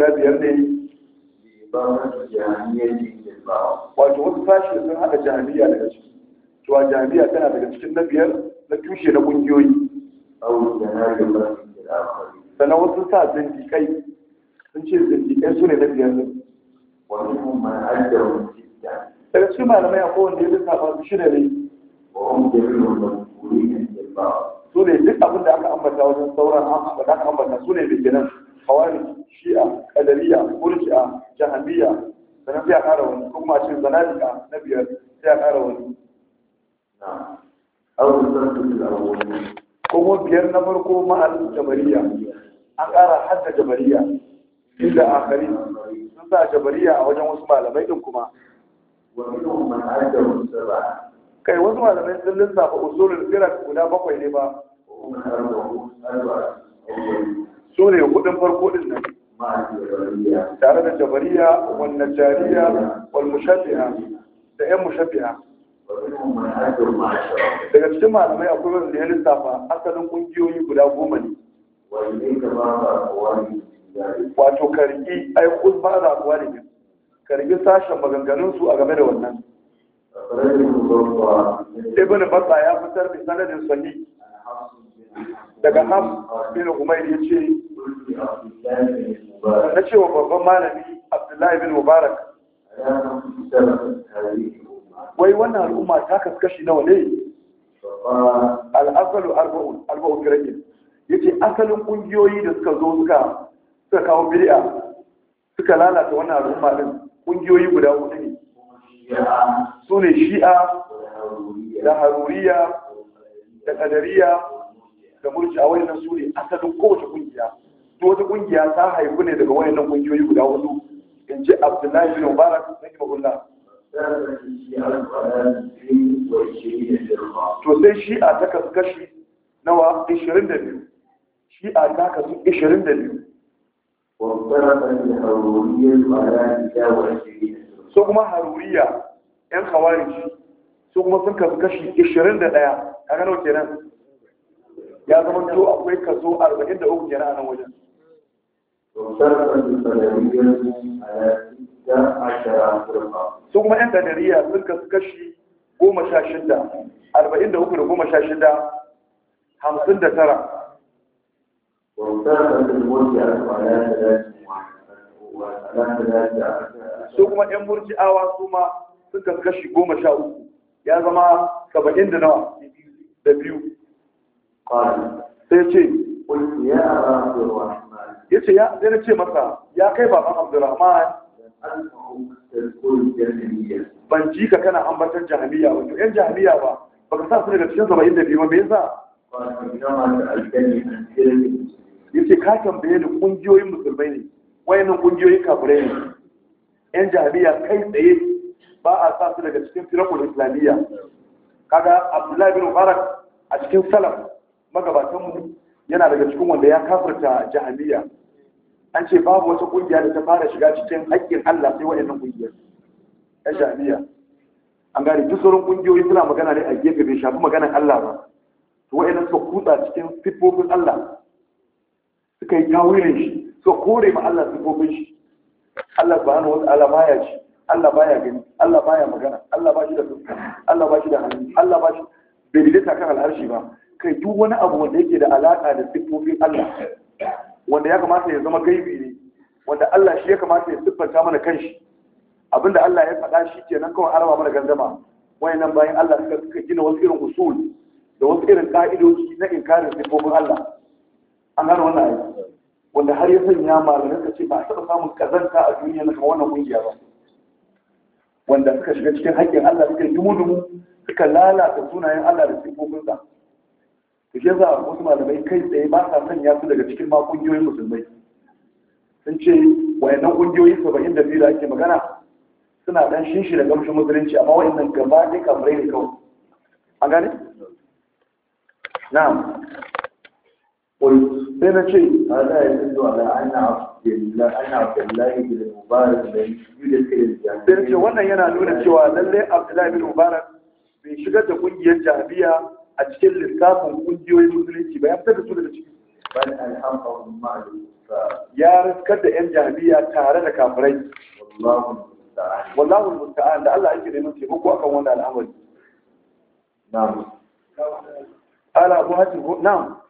guda biyar ne zanadika na biyar sai a ƙara wani kuma biyar na farko ma'al jabariya an ƙara hadda jabariya inda akari sun sa jabariya a wajen wasu malamai ɗin kuma kai wasu malamai sun lissafa usulul firar guda bakwai ne ba su ne hudun farko nan tare da jabariya wannan jariya wal da yan mushabbiha daga cikin malamai a kuma da ya lissafa asalin kungiyoyi guda goma ne wato karki ai kun ba za kuwa ne karki sashen maganganunsu a game da wannan ibn basa ya fitar da sanadin sahi daga hafi bin kuma ya ce na cewa babban malami abdullahi bin mubarak wai wannan al'umma ta kaskashi nawa ne al'asalu arba'un firagin ya ce asalin ƙungiyoyi da suka zo suka kawo biri'a suka lalata wannan al'umma din ƙungiyoyi guda hudu ne su ne shi'a da haruriya da ƙadariya da murci a nan su ne asalin kowace ƙungiya wata kungiya ta haifu ne daga wayannan kungiyoyi guda hudu in ji abdullahi bin mubarak ba himahullah to sai shi a ta kasu kashi nawa 22 shi a ta kasu 22 so kuma haruriya yan kawarici so kuma sun kasu kashi 21 a gano kenan ya zama to akwai kaso 43 kenan a nan wajen sun kuma 'yan danariya sun kasu kashi goma sha shida arba'in da uku da goma sha shida hamsin da tara su kuma 'yan murji'awa su ma sun kasu kashi goma sha uku ya zama saba'in da nawa da biyu sai ce ya a ra'a ya ce ya zai ce masa ya kai baban abdurrahman ban ji ka kana ambatan jahamiya ba to yan jahamiya ba ka sa su daga cikin saba'in da biyu me yasa ya ce ka tambaye ni kungiyoyin musulmai ne wayannan kungiyoyin kafirai ne yan jahamiya kai tsaye ba a sa su daga cikin firakul islamiyya kaga abdullahi bin mubarak a cikin salam magabatanmu yana daga cikin wanda ya kafirta jahamiya an ce babu wata kungiya da ta fara shiga cikin haƙƙin Allah sai waɗannan kungiyar Ya shafiya an gane duk sauran kungiyoyi suna magana ne a gefe bai shafi maganar Allah ba to waɗannan suka kutsa cikin siffofin Allah suka yi tawilin shi suka kore ma Allah siffofin shi Allah subhanahu wata'ala baya ci Allah baya gani Allah baya magana Allah ba shi da fuska Allah ba shi da hannu Allah ba shi bai daidaita kan al'arshi ba kai duk wani abu wanda yake da alaƙa da siffofin Allah wanda ya kamata ya zama gaibi ne wanda Allah shi ya kamata ya siffanta mana kanshi abinda Allah ya faɗa shi ke nan kawai araba mana gandama wayannan bayan Allah suka suka gina wasu irin usul da wasu irin ka'idoji na inkarin siffofin Allah an gano wannan ayi wanda har ya sanya malamai ka ce ba a taɓa samun kazanta a duniya na wannan kungiya ba wanda suka shiga cikin haƙƙin Allah suka yi dumu-dumu suka lalata sunayen Allah da sifofinsa to shi yasa wasu malamai kai tsaye ba sa sanya su daga cikin ma kungiyoyin musulmai sun ce wayannan kungiyoyi saba'in da biyu da ake magana suna dan shinshi da gamshin musulunci amma wayannan gaba ɗaya kamarai ne kawai a gane na'am sai na ce a ya fi zuwa da ana abdullahi bin mubarak da yudin sai na ce wannan yana nuna cewa lallai abdullahi bin mubarak bai shigar da kungiyar jami'a a cikin lissafin kungiyoyin musulunci ba ya fitar da su daga ciki bal alhamdulillah ya riskar da yan jami'a tare da kafirai wallahu wallahu musta'an da Allah yake neman taimako akan wannan al'amari na'am ala abu hatim na'am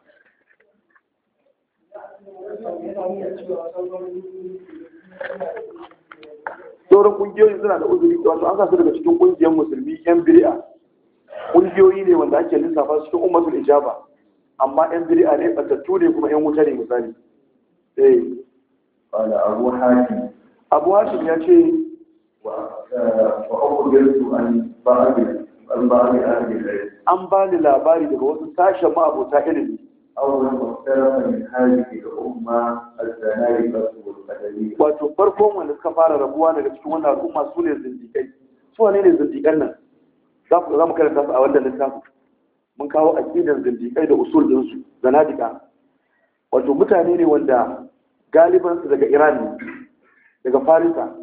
sauran kungiyoyin suna da uzuri wato an sa su daga cikin kungiyar musulmi yan biri'a ƙungiyoyi ne wanda ake lissafa cikin ummatul ijaba amma yan bid'a ne batattu ne kuma yan wuta ne misali eh wala abu hatim abu hatim ya ce wa eh, ukhbirtu an ba'd an ba'd ahli an ba labari daga wasu sashen ma'abota irin. awwal muftarafa min hadhihi al-umma az-zanadiqa wal-qadariyya wato farkon wanda suka fara rabuwa daga cikin wannan al'umma su ne zindikai su ne zindikan nan za mu karanta su a wannan littafin mun kawo aqidar zindiƙai da usul din su zanadika wato mutane ne wanda galiban su daga Iran ne daga Farisa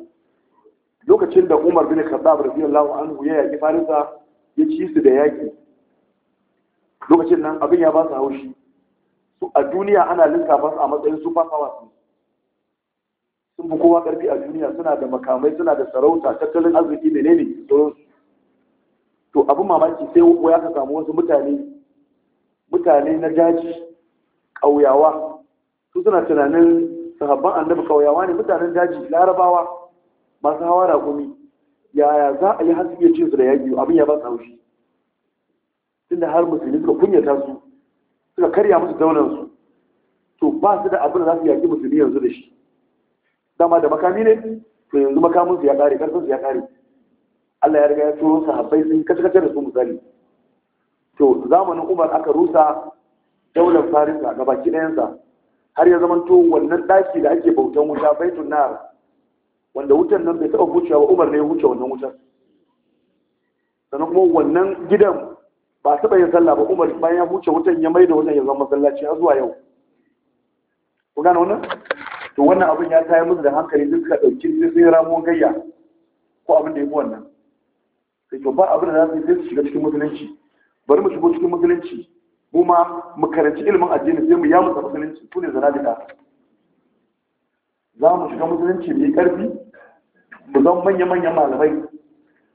lokacin da Umar bin Khattab radiyallahu anhu ya yaki Farisa ya ci su da yaki lokacin nan abin ya ba su haushi su a duniya ana lissafa su a matsayin super powers sun fi kowa karfi a duniya suna da makamai suna da sarauta tattalin arziki menene sauransu to abin mamaki sai ya ka samu wasu mutane mutane na daji ƙauyawa su suna tunanin sahabban annabi ƙauyawa ne mutanen daji larabawa masu hawa gumi. yaya za a yi har iya cin su da yaƙi abin ya ba su haushi Tun da har musulmi suka kunyata su suka karya musu zaunansu, to ba su da abin da za su yaƙi musulmi yanzu da shi dama da makami ne to yanzu makaminsu ya ƙare ƙarfinsu ya ƙare Allah ya riga ya turo sahabbai sun kace da su misali to zamanin Umar aka rusa daular Farisa ga baki ɗayansa har ya zamanto wannan ɗaki da ake bautan wuta baitun nar wanda wutan nan bai taɓa wucewa ba Umar ne ya wuce wannan wutan sannan kuma wannan gidan ba taɓa yin sallah ba Umar bayan ya wuce wutan ya maida wannan ya zama masallaci har zuwa yau ku gane wannan to wannan abin ya tayar musu da hankali duka ɗauki sai ramuwar gayya ko abin da ya fi wannan sai to ba abin da za su sai su shiga cikin musulunci bari mu shigo cikin musulunci mu ma mu karanci ilimin addini sai mu ya musa musulunci su ne zanadika za mu shiga musulunci mai karfi mu zama manya-manyan malamai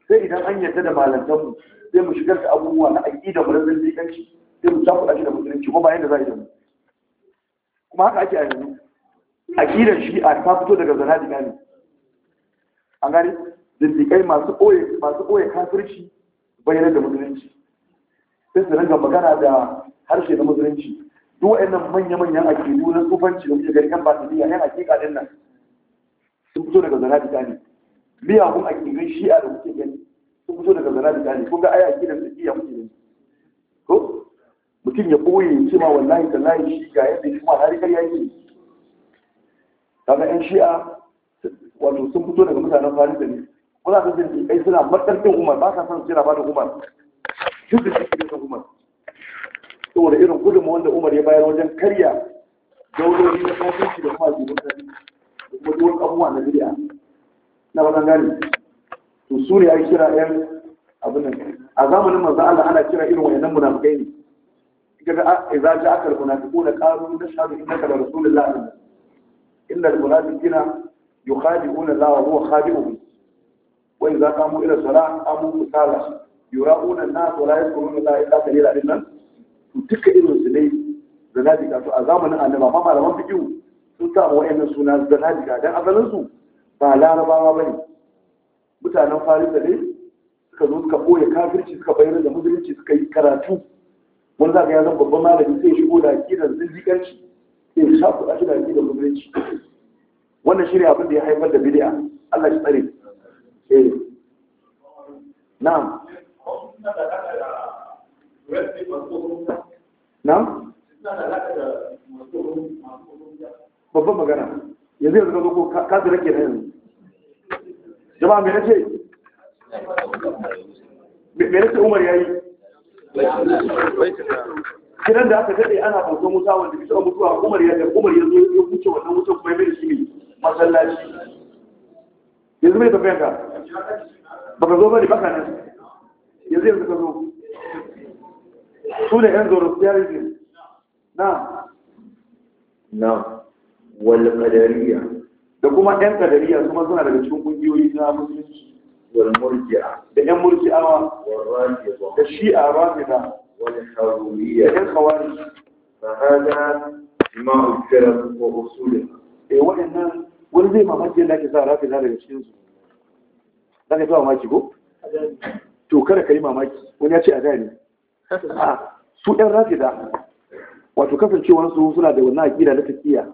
sai idan an yarda da malantanmu sai mu shigar da abubuwa na aƙida mu razan jikanci sai mu cakuɗa shi da musulunci ko bayan da za a yi da mu kuma haka ake a yanzu aƙidar a ta fito daga zanadika ne an gani zindikai masu ɓoye masu ɓoye kafirci bayyana da musulunci sai su ranga magana da harshe na musulunci duk wa'annan manya-manyan ake na tsufanci da muke gani basu biya yan ake din nan sun fito daga zanadika ne miyagun akidun shi'a da kuke gani sun fito daga zana da ne kun ga ai akidan su iya kuke gani ko mutum ya ɓoye ce ma wallahi layi shi ga yadda shi ma har ya yi kaga yan shi'a wato sun fito daga mutanen farisa ne kuna son jin kai suna matsarkin umar ba sa son suna ba da umar duk da shi da umar saboda irin gudunmu wanda umar ya bayar wajen karya daurori na kafin shi da kuma jibin kari da kuma duwan abubuwa na bidiya na wajen gani to su ne ya kira yan abin a zamanin manzo Allah ana kira irin wayannan munafikai ne kaga idza ja'aka al-munafiquna qalu nashhadu innaka la rasulullah innal munafiqina yukhadi'una Allah wa huwa khadi'uhum wai za ka mu ila sala abu kusala yura'una nas wala yadhkuruna la illa qalila din nan to duka irin su dai zanadika to a zamanin annaba ma malaman fiqh sun sa wa wayannan suna zanadika dan asalin su ba larabawa bane mutanen farisa ne suka zo suka boye kafirci suka bayyana da musulunci suka yi karatu wani za ka ya zan babban malami sai shigo da akidar zindiƙanci sai shafu a shi da akidar musulunci wannan shi abin da ya haifar da bidi'a Allah shi tsare eh na'am babban magana yanzu yanzu yanzu jama'a nace nace umar kiran da aka daɗe ana bautar wuta wanda bisa mutuwa umar ya da umar ya zo ya wuce wannan wutan kuma ya mai shi masallaci yanzu mai tafiyanka ba ka zo bane baka nan yanzu yanzu ka zo su ne yan zoro terrorism na na wal qadariya da kuma yan qadariya kuma suna daga cikin kungiyoyi na musulunci wal murji'a da yan murji'awa da shi'a rafida wal haruriyya da yan khawarij fa hada imam al-firq wa usulha eh wa'annan wani zai mamaki yadda ake sa rafida daga cikin su za ka zuwa mamaki ko to kada ka yi mamaki wani ya ce a da ne su ɗan da. wato kasancewar su suna da wannan aƙida na tafiya.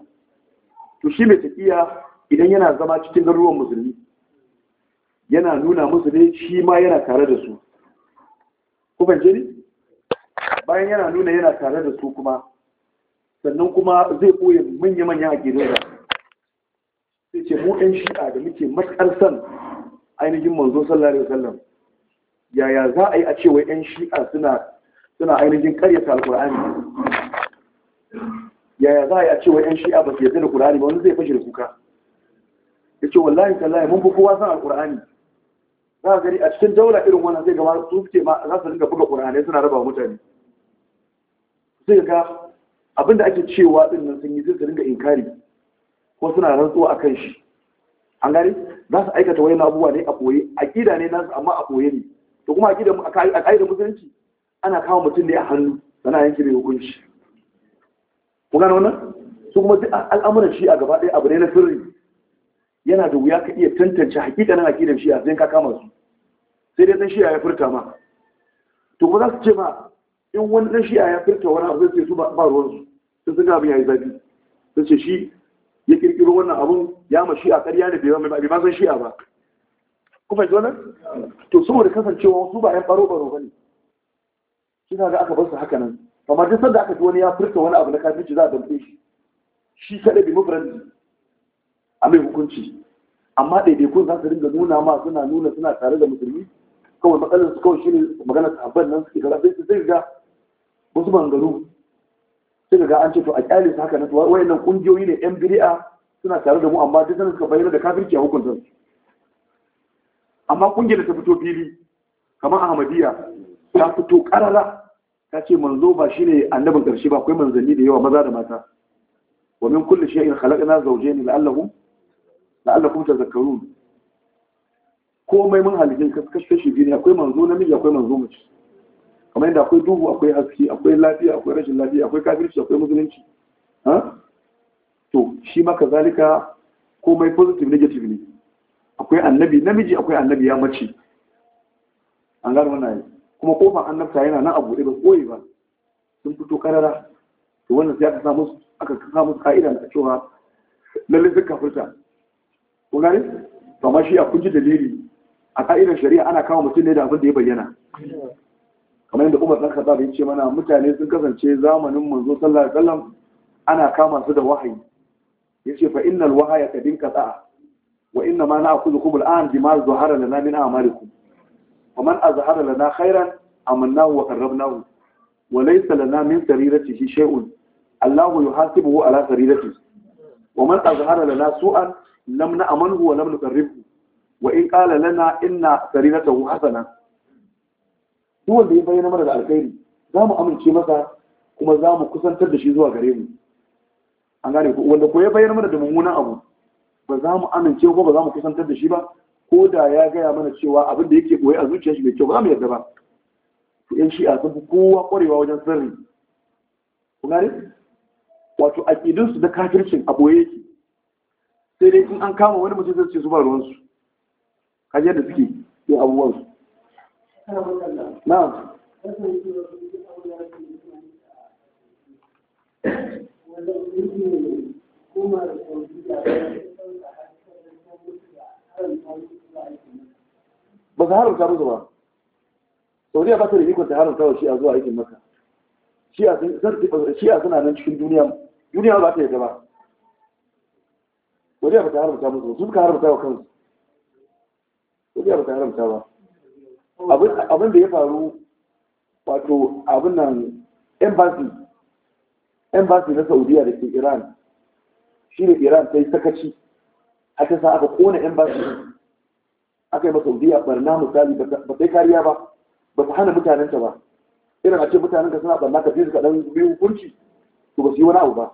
to shi mai tafiya idan yana zama cikin garuruwan musulmi yana nuna musu ne shi ma yana tare da su ku fahimce bayan yana nuna yana tare da su kuma sannan kuma zai koya manya-manya a gidan da sai ce mu ɗan shi'a da muke matsar san ainihin manzo sallallahu alaihi wasallam yaya za a yi a cewa yan shi'a suna suna ainihin karyata alqur'ani yaya za a yi a cewa yan shi'a ba su yarda da qur'ani ba wani zai fashe da kuka yace wallahi tallahi mun fi kowa san alqur'ani za a gani a cikin daula irin wannan zai gama su ce ma za su dinga buga qur'ani suna raba mutane sai ga abinda ake cewa din nan sun yi zai dinga inkari ko suna rantsuwa akan shi an gani za su aikata wani abubuwa ne a koye ƙida ne nasu amma a koye ne to kuma aƙida a ƙa'ida musulunci ana kama mutum ne a hannu sana yanke mai hukunci ku na wannan su kuma duk al'amuran shi a gaba ɗaya abu ne na sirri yana da wuya ka iya tantance hakika hakikanin ƙidan shi a sai ka kama su sai dai ɗan shi ya furta ma to ko za su ce ma in wani ɗan shi ya furta wani abu zai ce su ba ruwan su sun ga abin ya yi zafi sun ce shi ya kirkiro wannan abun ya mashi shi'a ƙarya ne bai ma san shi'a ba ku fahimci wannan to saboda kasancewa su ba yan baro baro bane shi ga aka bar su haka nan amma duk sanda aka ji wani ya furta wani abu na kafirci za a dambe shi shi kaɗai bai mafaranta a mai hukunci amma ɗaiɗaikun za su ringa nuna ma suna nuna suna tare da musulmi kawai matsalar su kawai shine maganar sahabban nan suke gara sai su ga wasu bangaro suka ga an ce to a kyalin haka na tuwa wayannan kungiyoyi ne yan bid'a suna tare da mu amma duk sanin suka bayyana da kafirci a hukunta amma kungiyar ta fito fili kamar ahmadiyya ta fito karara ta ce manzo ba shine annabin karshe ba akwai manzanni da yawa maza da mata wa min kulli shay'in khalaqna zawjayn la'allahum la'allakum tadhakkarun komai mun halitta kashi biyu ne akwai manzo namiji akwai manzo mace kamar yadda akwai duhu akwai haske akwai lafiya akwai rashin lafiya akwai kafirci akwai musulunci to shi maka zalika komai positive negative ne akwai annabi namiji akwai annabi ya mace an gano wannan kuma kofar annabta yana nan abu ba koyi ba sun fito karara to wannan sai aka samu aka samu ka'ida na cewa lalle sun kafirta ko gane to amma shi a kunji dalili a ka'idar shari'a ana kawo mutum ne da abin da ya bayyana kamar yadda Umar dan Khattab ya ce mana mutane sun kasance zamanin manzo sallallahu alaihi wasallam ana kama su da wahayi yace fa innal wahaya kad inqata wa inna ma na'khudhukum al'an bima zahara lana min a'malikum wa man azhara lana khairan amannahu wa qarrabnahu wa laysa lana min sariratihi shay'un Allahu yuhasibuhu ala sariratihi wa man azhara lana su'an lam na'manhu wa lam nuqarribhu wa in qala lana inna sariratahu hasanah duk wanda ya bayyana mana da alkhairi za mu amince masa kuma za mu kusantar da shi zuwa gare mu an gane ko wanda ko ya bayyana mana da mummunan abu ba za mu amince ko ba za mu kusantar da shi ba ko da ya gaya mana cewa abin da yake koyi a zuciyar shi mai kyau ba mu yarda ba to yan shi'a sun fi kowa kwarewa wajen sirri Ku gane wato aqidun su da kafircin a boye yake sai dai in an kama wani mutum zai ce su ba ruwan su kaje da suke yin abubuwan su na'am ba su haramta musu ba ba ta da ikon ta haramta shi a zuwa aikin maka a suna nan cikin duniya duniya ba ta yadda ba saudiya ba ta haramta musu sun suka haramta kansu ba ta haramta ba abin da ya faru wato abin nan embassy embassy na saudiya da ke iran shi ne iran ta yi sakaci a ta sa aka kone embassy aka yi masaudiya barna misali ba yi kariya ba ba ta hana mutanenta ba irin a ce mutanenka suna barna ka fi su kaɗan biyu hukunci to ba su yi wani abu ba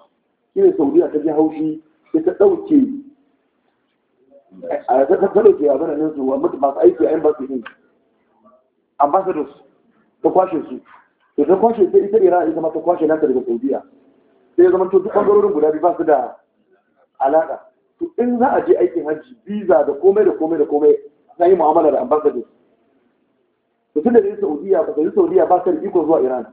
shi ne saudiya ta ji haushi sai ta ɗauke a ta ɗauke a bananin su masu aiki a embassy din ambassadors ta kwashe su da ta kwashe ta ita iran ita ma ta kwashe ta daga saudiya sai ya zama to duk bangarorin guda biyu ba su da alaƙa to in za a je aikin hajji visa da komai da komai da komai na yi mu'amala da ambassadors to tun da ne saudiya ba sai saudiya ba ta da iko zuwa iran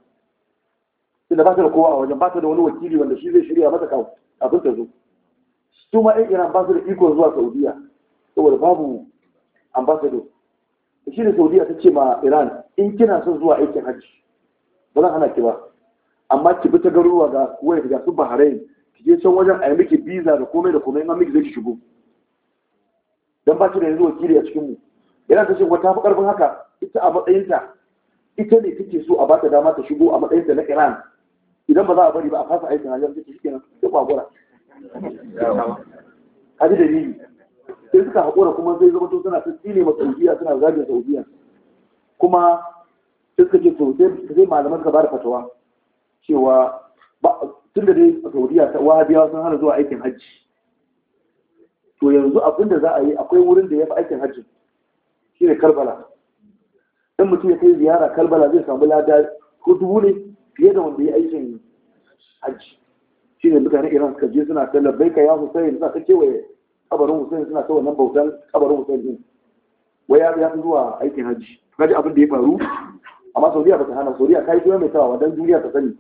sai da ba ta da kowa a wajen ba ta da wani wakili wanda shi zai shirya mata kafin ta zo su ma yan iran ba su da iko zuwa saudiya saboda babu ambassadors shi ne saudiya ta ce ma iran in kina son zuwa aikin hajji ba zan hana ki ba amma ki bi ta garuruwa ga kuwa ya su bahrain ki je can wajen a yi miki biza da komai da komai in an miki zai shigo dan ba ki da yanzu wakili a cikin mu iran ta ce wata fi karfin haka ita a matsayinta ita ne kike so a bata dama ta shigo a matsayinta na iran idan ba za a bari ba a fasa aikin hajji ta ce shi kenan hadi dalili sai suka haƙura kuma zai zama to suna sun tsile ma saudiya suna zagin saudiya kuma sai suka ce to sai malaman suka bada fatawa cewa tun da dai saudiya ta wahabiya sun hana zuwa aikin hajji to yanzu abin da za a yi akwai wurin da ya fi aikin hajji shi ne karbala in mutum ya kai ziyara karbala zai samu lada ko dubu ne fiye da wanda ya aikin hajji shi ne mutane iran suka je suna ta labbaika ya sosai suna ta kewaye kabarin Hussein suna ta wannan bautan kabarin Hussein din wai ya biya zuwa aikin hajji ji abin da ya faru amma Saudiya ba ta hana Saudiya kai kuma mai tawa dan duniya ta sani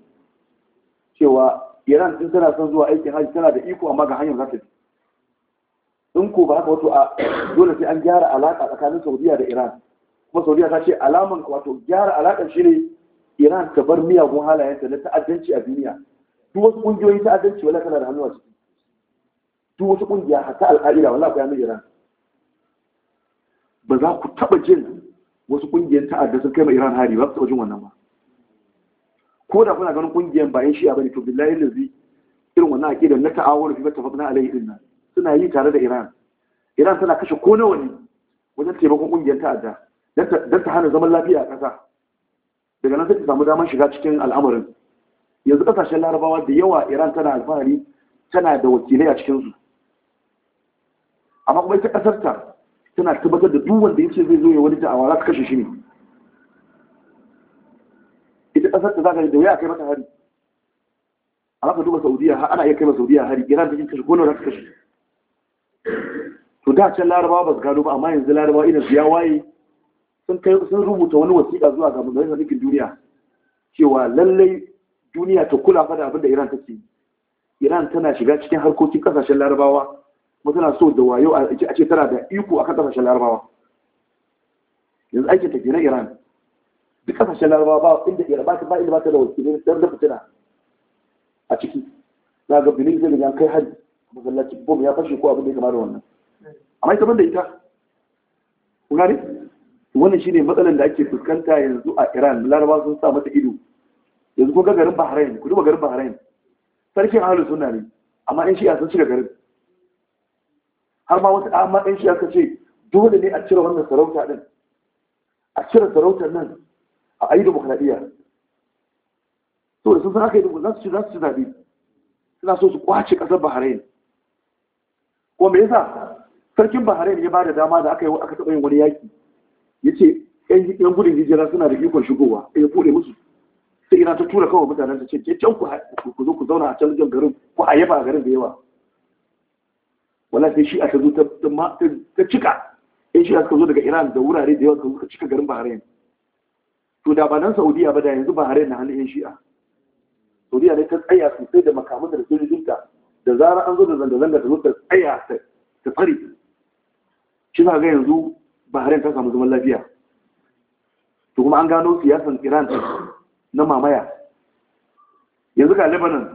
cewa Iran din tana son zuwa aikin haji tana da iko amma ga hanyar za in ko ba haka wato a dole sai an gyara alaka tsakanin Saudiya da Iran kuma Saudiya ta ce alaman wato gyara alakan shi ne Iran ta bar miyagun halayenta na ta'addanci a duniya duk wasu kungiyoyin ta'addanci wala kana da hannu a ciki duk wata kungiya ta al'aida wala ku yana Iran ba za ku taba jin wasu kungiyar ta'adda sun kai ma Iran hari ba su taba jin wannan ba ko da kuna ganin kungiyar ba yan shi'a bane to billahi zai irin wannan ƙidan na ta'awul fi na alayhi din nan suna yi tare da Iran Iran tana kashe ko nawa ne wajen taimakon kungiyar ta'adda dan ta hana zaman lafiya a ƙasa daga nan sai ta samu damar shiga cikin al'amarin yanzu ƙasashen larabawa da yawa iran tana alfahari tana da wakilai a cikinsu amma kuma ita kasar ta tana tabbatar da duk wanda yake zai zo ya wani da'awa za ka kashe shi ne ita kasar ta za ka yi da wuya kai mata hari amma ka duba saudiya har ana iya kai mata saudiya hari iran ta kashe ko nawa za ta kashe to da can larabawa ba su gano ba amma yanzu larabawa ina su ya waye sun kai sun rubuta wani wasiƙa zuwa ga da nufin duniya cewa lallai duniya ta kula fa da abin da iran take iran tana shiga cikin harkokin ƙasashen larabawa kuma so da wayo a ce tara da iko akan kasashen larabawa yanzu aikin ta na iran duk kasashen larabawa ba inda iran ba ba inda ba ta da wakilai don da fitina a ciki za ga bilin zai ga kai hajji masallaci bom ya fashe ko abin da ya kama da wannan amma ita da ita kuna ne wannan shine matsalar da ake fuskanta yanzu a iran larabawa sun sa mata ido yanzu ko ga garin bahrain ku duba garin bahrain sarkin ahlus sunna ne amma in shi'a sun shiga garin har ma wasu amma ɗan shi aka ce dole ne a cire wannan sarauta ɗin a cire sarautar nan a ayi demokradiyya to da sun san aka yi za su ci za su ci zaɓe suna so su kwace ƙasar bahrain ko me yasa sarkin bahrain ya ba da dama da aka yi aka taɓa yin wani yaƙi ya ce ƴan gudun hijira suna da ikon shigowa ya buɗe musu sai ina ta tura kawai mutanen ta ce ke can ku zo ku zauna a can garin ku a yaba garin da yawa wala sai shi aka zo ta cika in shi aka zo daga iran da wurare da yawa ka suka cika garin bahrain to da ba nan saudiya ba da yanzu bahrain na hannun yan shi'a saudiya ne ta tsaya sosai da makaman da rikinta da zara an zo da zanga-zanga ta zo ta tsaya ta tsare shi za ga yanzu bahrain ta samu zaman lafiya to kuma an gano siyasan iran na mamaya yanzu ga lebanon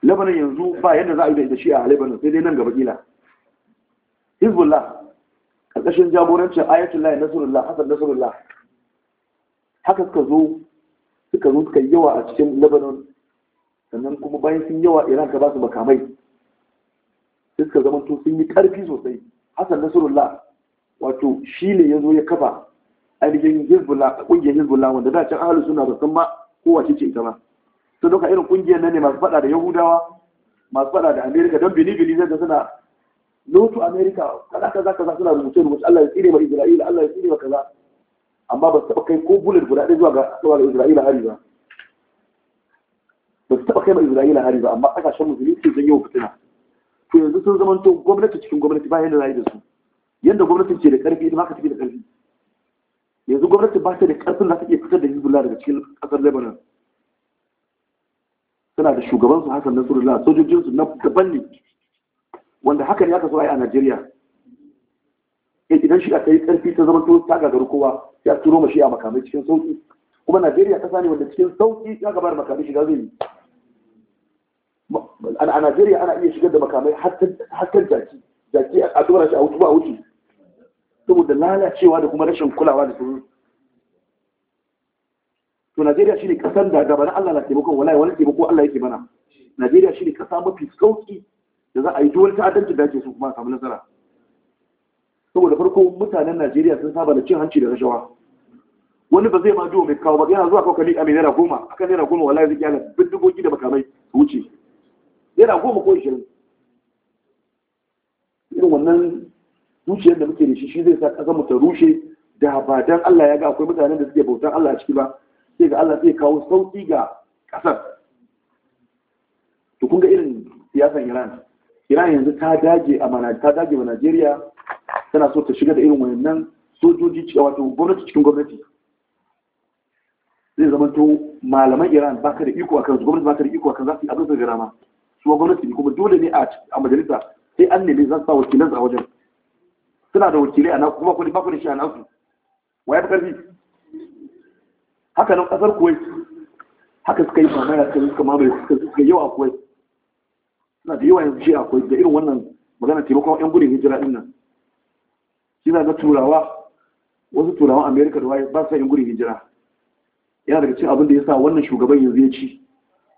lebanon yanzu ba yadda za a yi da shi'a a lebanon sai dai nan gaba kila hizbullah ƙarƙashin jagorancin ayatullah nasarullah hasan nasarullah haka suka zo suka zo suka yawa a cikin lebanon sannan kuma bayan sun yawa iran ka ba su makamai suka zama to sun yi ƙarfi sosai hasan nasarullah wato shi ne ya zo ya kafa ainihin a kungiyar hizbullah wanda da can ahalus suna ba san ko wace ce ita ba to irin ƙungiyar nan ne masu faɗa da yahudawa masu faɗa da amerika don bini bini zai da suna lotu america kaza kaza kaza suna rubuce rubuce Allah ya tsire ma isra'ila Allah ya tsire ma kaza amma ba su taba kai ko bullet guda ɗaya zuwa ga zuwa ga isra'ila hari ba ba su taba kai ma isra'ila hari ba amma kasashen musulmi su janyo fitina to yanzu sun zama to gwamnati cikin gwamnati ba yanda zai da su Yanda gwamnatin ce da karfi idan haka take da karfi yanzu gwamnati ba ta da karfin da ta fitar da hezbollah daga cikin kasar lebanon suna da shugabansu hasan nasrullah sojojinsu na daban ne wanda hakan ya kaso a Najeriya eh, idan shi ta yi karfi ta zama to ta gagaru kowa ya turo mashi a makamai cikin sauki kuma Najeriya ƙasa ne wanda cikin sauki ya gabar makamai shiga zai yi a Najeriya ana iya shigar da makamai har kan jaki jaki a dora shi a wuce ba wuce saboda lalacewa da kuma rashin kulawa da sauran to Najeriya shi ne da da bana Allah na taimakon wallahi wani taimako Allah yake mana Najeriya shi ne ƙasa mafi sauki da za a yi duwar ta'addanci da ake su kuma a samu nasara saboda farko mutanen najeriya sun saba da cin hanci da rashawa wani ba zai ma jiwo mai kawo ba yana zuwa kawo kalli a mai naira goma kan naira goma wallahi zai kyala bindigogi da makamai su wuce naira goma ko ishirin irin wannan zuciyar da muke da shi shi zai sa ƙasar mu ta rushe da ba dan Allah ya ga akwai mutanen da suke bautan Allah a ciki ba sai ga Allah zai kawo sauki ga ƙasar to kun ga irin siyasan Iran iran yanzu ta dage a ta dage wa najeriya tana so ta shiga da irin wayannan sojoji cikin wato gwamnati cikin gwamnati zai zama to malaman iran ba ka da iko akan su gwamnati ba ka da iko akan za su yi abin da ma su gwamnati ne kuma dole ne a majalisa sai an nemi za su sa wakilan a wajen suna da wakilai a naku kuma kudi ba ku da shi a naku wa ya fi karfi haka nan kasar kuwait haka suka yi mamaya suka suka mamaye suka suka yawa kuwait na da yawa yanzu shi akwai da irin wannan magana taimakon yan gudun hijira din nan shi za ga turawa wasu turawan amerika da waye ba sa yan gudun hijira yana daga cikin abin da ya sa wannan shugaban yanzu ya ci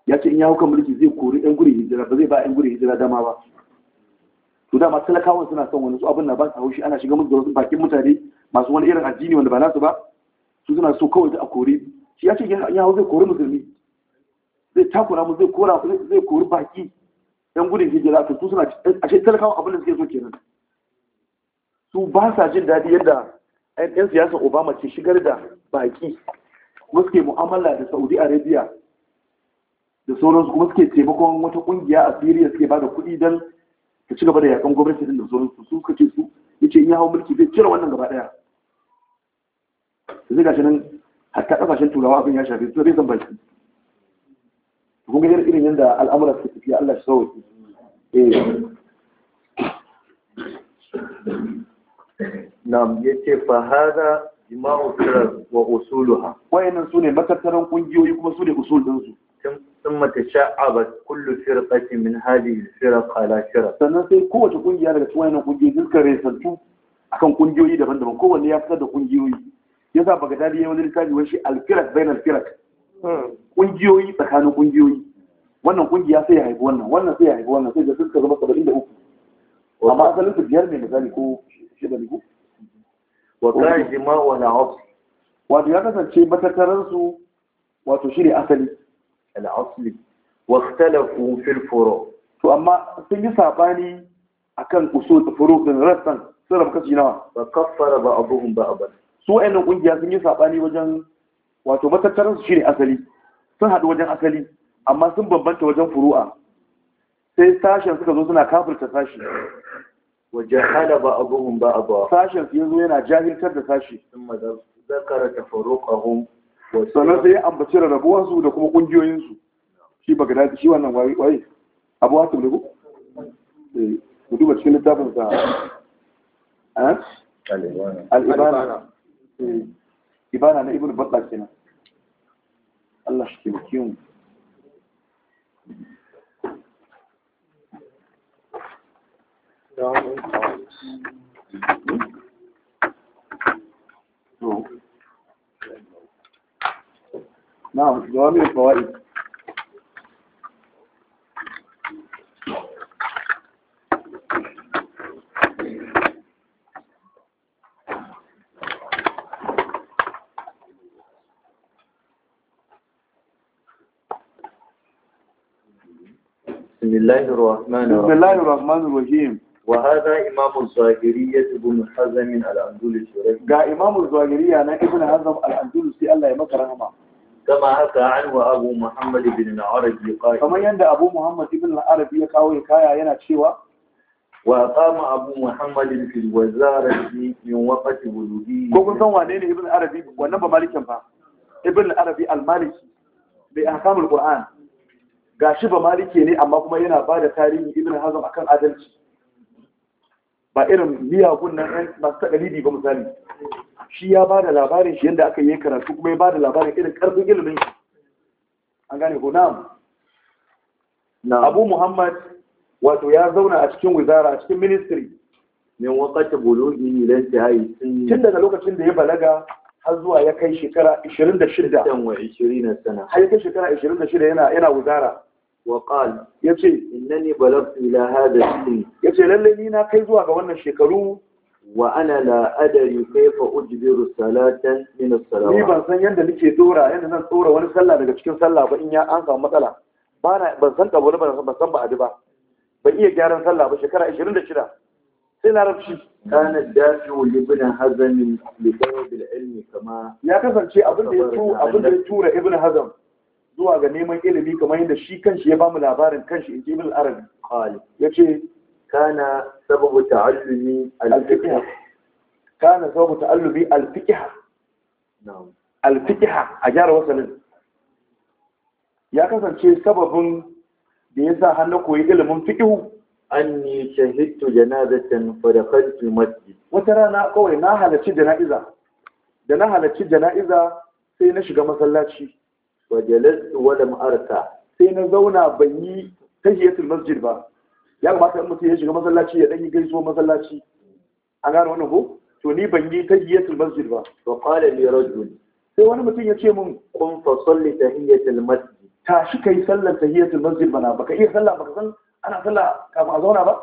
ya ce in ya hukan mulki zai kori yan gudun hijira ba zai ba yan gudun hijira dama ba to dama talakawan suna son wani su abin na ba su haushi ana shiga musu da wasu bakin mutane masu wani irin addini wanda ba nasu ba su suna so kawai a kori shi ya ce ya hau zai kori musulmi zai takura mu zai kora zai kori baki yan gudun hijira a su suna eh, ashe talakawa abin da suke so kenan su ba sa jin daɗi yadda yan siyasar obama ke shigar da baki kuma suke mu'amala da saudi arabia da sauransu kuma suke taimakon wata kungiya a syria suke ba da kuɗi don ta ci gaba da yakan gwamnati din da sauransu su suka ce su yace in yi hau mulki zai cire wannan gaba ɗaya zai gashi nan hatta ƙasashen turawa abin ya shafe su zai zan baki kun ga irin yadda al'amuran suke tafiya Allah shi sauki eh. nam yace fa hada jima'u sirar wa usuluha su ne matattaran kungiyoyi kuma sune usul din su sun matasha'abat kullu firqatin min hadhihi firaq ala firaq sannan sai kowace kungiya daga cikin wayannan kungiyoyi duka resantu akan kungiyoyi daban-daban kowanne ya fitar da kungiyoyi yasa bagadadi yayin wani lissafi wai shi al-firaq bainal firaq ƙungiyoyi tsakanin ƙungiyoyi wannan ƙungiya sai ya haifi wannan wannan sai ya haifi wannan sai da suka zama saba'in da uku amma asalin su biyar ne misali ko shida ne ko wa ya jima wa na hafs wato ya kasance matakarar su wato ne asali al asli wa ikhtalafu fil furu to amma sun yi sabani akan usul furu din rassan sun rabu kashi nawa ba kaffara ba abuhum ba abu su ayyukan ƙungiya sun yi sabani wajen wato matattaransu shi ne asali sun haɗu wajen asali amma sun bambanta wajen furu'a sai sashen suka zo suna kafirta sashi wajen hada ba abubuwan ba abuwa sashen su yanzu yana jahiltar da sashi zakara ta faruƙahun sannan sai ya ambaci rarrabuwarsu da kuma ƙungiyoyinsu shi ba gada shi wannan waye abu hatim da ku ku duba cikin littafin sa eh? al-ibana eh, ibana na ibn batta kenan Allah shi taimake mu نعم الله الرحمن الرحيم بسم الله الرحمن الرحيم وهذا إمام الظاهرية بن حزم الأندلسي جاء إمام الظاهرية أنا ابن حزم الأندلسي الله يمكرهما كما حكى عنه أبو محمد بن العربي قال كما يند أبو محمد بن العربي يقاوي كايا ينا تشيوا وقام أبو محمد في الوزارة من وقت ولده كوكو سوى نيني ابن العربي ونبا مالكا ابن العربي المالكي بأحكام القرآن Ga shi ba malike ne amma kuma yana ba da tarihi ibn hazm akan adalci ba irin miyagun nan ɗan masu takalidi ba misali shi ya ba da labarin shi yadda aka yi karatu kuma ya ba da labarin irin ƙarfin ilimin shi an gane ko na'am abu muhammad wato ya zauna a cikin wizara a cikin ministry ne wakati bulugi ne intihai tun daga lokacin da ya balaga har zuwa ya kai shekara 26 har ya kai shekara 26 yana yana wuzara wa qal yace innani balagtu ila hada sin yace lalle ni na kai zuwa ga wannan shekaru wa ana la adari kaifa ujbiru salatan min as-salawat ni ban san yanda nake dora yanda zan dora wani sallah daga cikin sallah ba in ya an samu matsala ban san ta wani ban san ba adi ba ban iya gyaran sallah ba shekara 26 sai larabci kana dafi'u ibn hazm li al kama ya kasance abin da ya tura abin da ya tura ibn hazm zuwa ga neman ilimi kamar yadda shi kanshi ya bamu labarin kanshi in ibn arabi qali yace kana sababu ta'allumi al-fiqh kana sababu ta'allumi al-fiqh na'am al-fiqh a gyara wasalin ya kasance sababin da yasa har na koyi ilimin fiqh anni shahidtu janazatan fa dakhaltu masjid wata rana kawai na halarci jana'iza da na halarci jana'iza sai na shiga masallaci wa jalastu wa lam arka sai na zauna ban yi tahiyatul masjid ba ya kamata in mutum ya shiga masallaci ya dan yi gaisuwa masallaci an gane wannan ko to ni ban yi tahiyatul masjid ba wa qala li rajul sai wani mutum ya ce min kun fa salli tahiyatul masjid tashi kai sallar tahiyatul masjid bana baka iya sallah baka san ana sallah kafin a zauna ba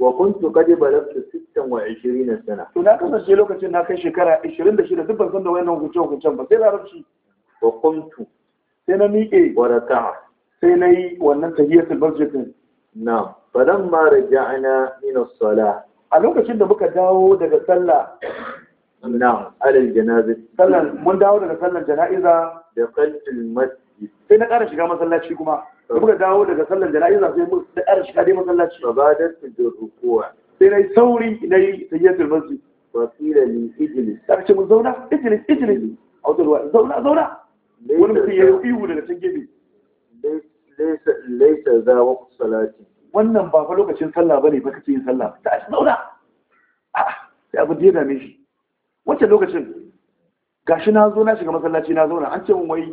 wa kuntu qad balagtu 26 sana to na kasance lokacin na kai shekara 26 duk ban san da wayannan hukunce hukuncin ba sai larabci wa kuntu sai na miƙe wa raka'a sai na yi wannan tahiyatul masjidin na falamma raja'na min as-salah a lokacin da muka dawo daga sallah na alal janazi sallan mun dawo daga sallan jana'iza da qalbul masjid sai na ƙara shiga masallaci kuma da muka dawo daga sallar jana'iza sai mun da ƙara shiga dai masallaci fa badat bil ruku'a sai nayi sauri nayi tayyatul masjid wa qila li ijlis sai ce mun zauna ijlis ijlis a wajen zauna zauna wani mutum ya yi ihu daga can gefe laisa za wa salati wannan ba fa lokacin sallah bane ba kace yin sallah ta shi zauna a'a sai abin da ya dame shi wancan lokacin gashi na zo na shiga masallaci na zauna an ce mun wai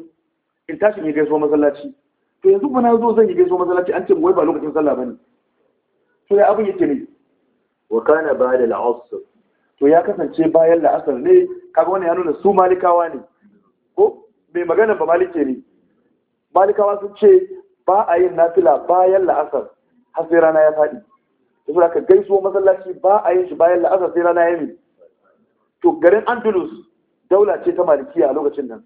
in tashi ne gaisuwa masallaci to yanzu ba na zo zan yi gaiso masallaci an ce wai ba lokacin sallah bane to ya abin yake ne wa kana ba'da al-asr to ya kasance bayan la'asar ne kaga wannan ya nuna su malikawa ne ko mai magana ba malike ne malikawa sun ce ba a yin nafila bayan la'asar har sai rana ya faɗi to saboda ka gaiso masallaci ba a yin shi bayan la'asar sai rana ya yi to garin Andalus daula ce ta malikiya a lokacin nan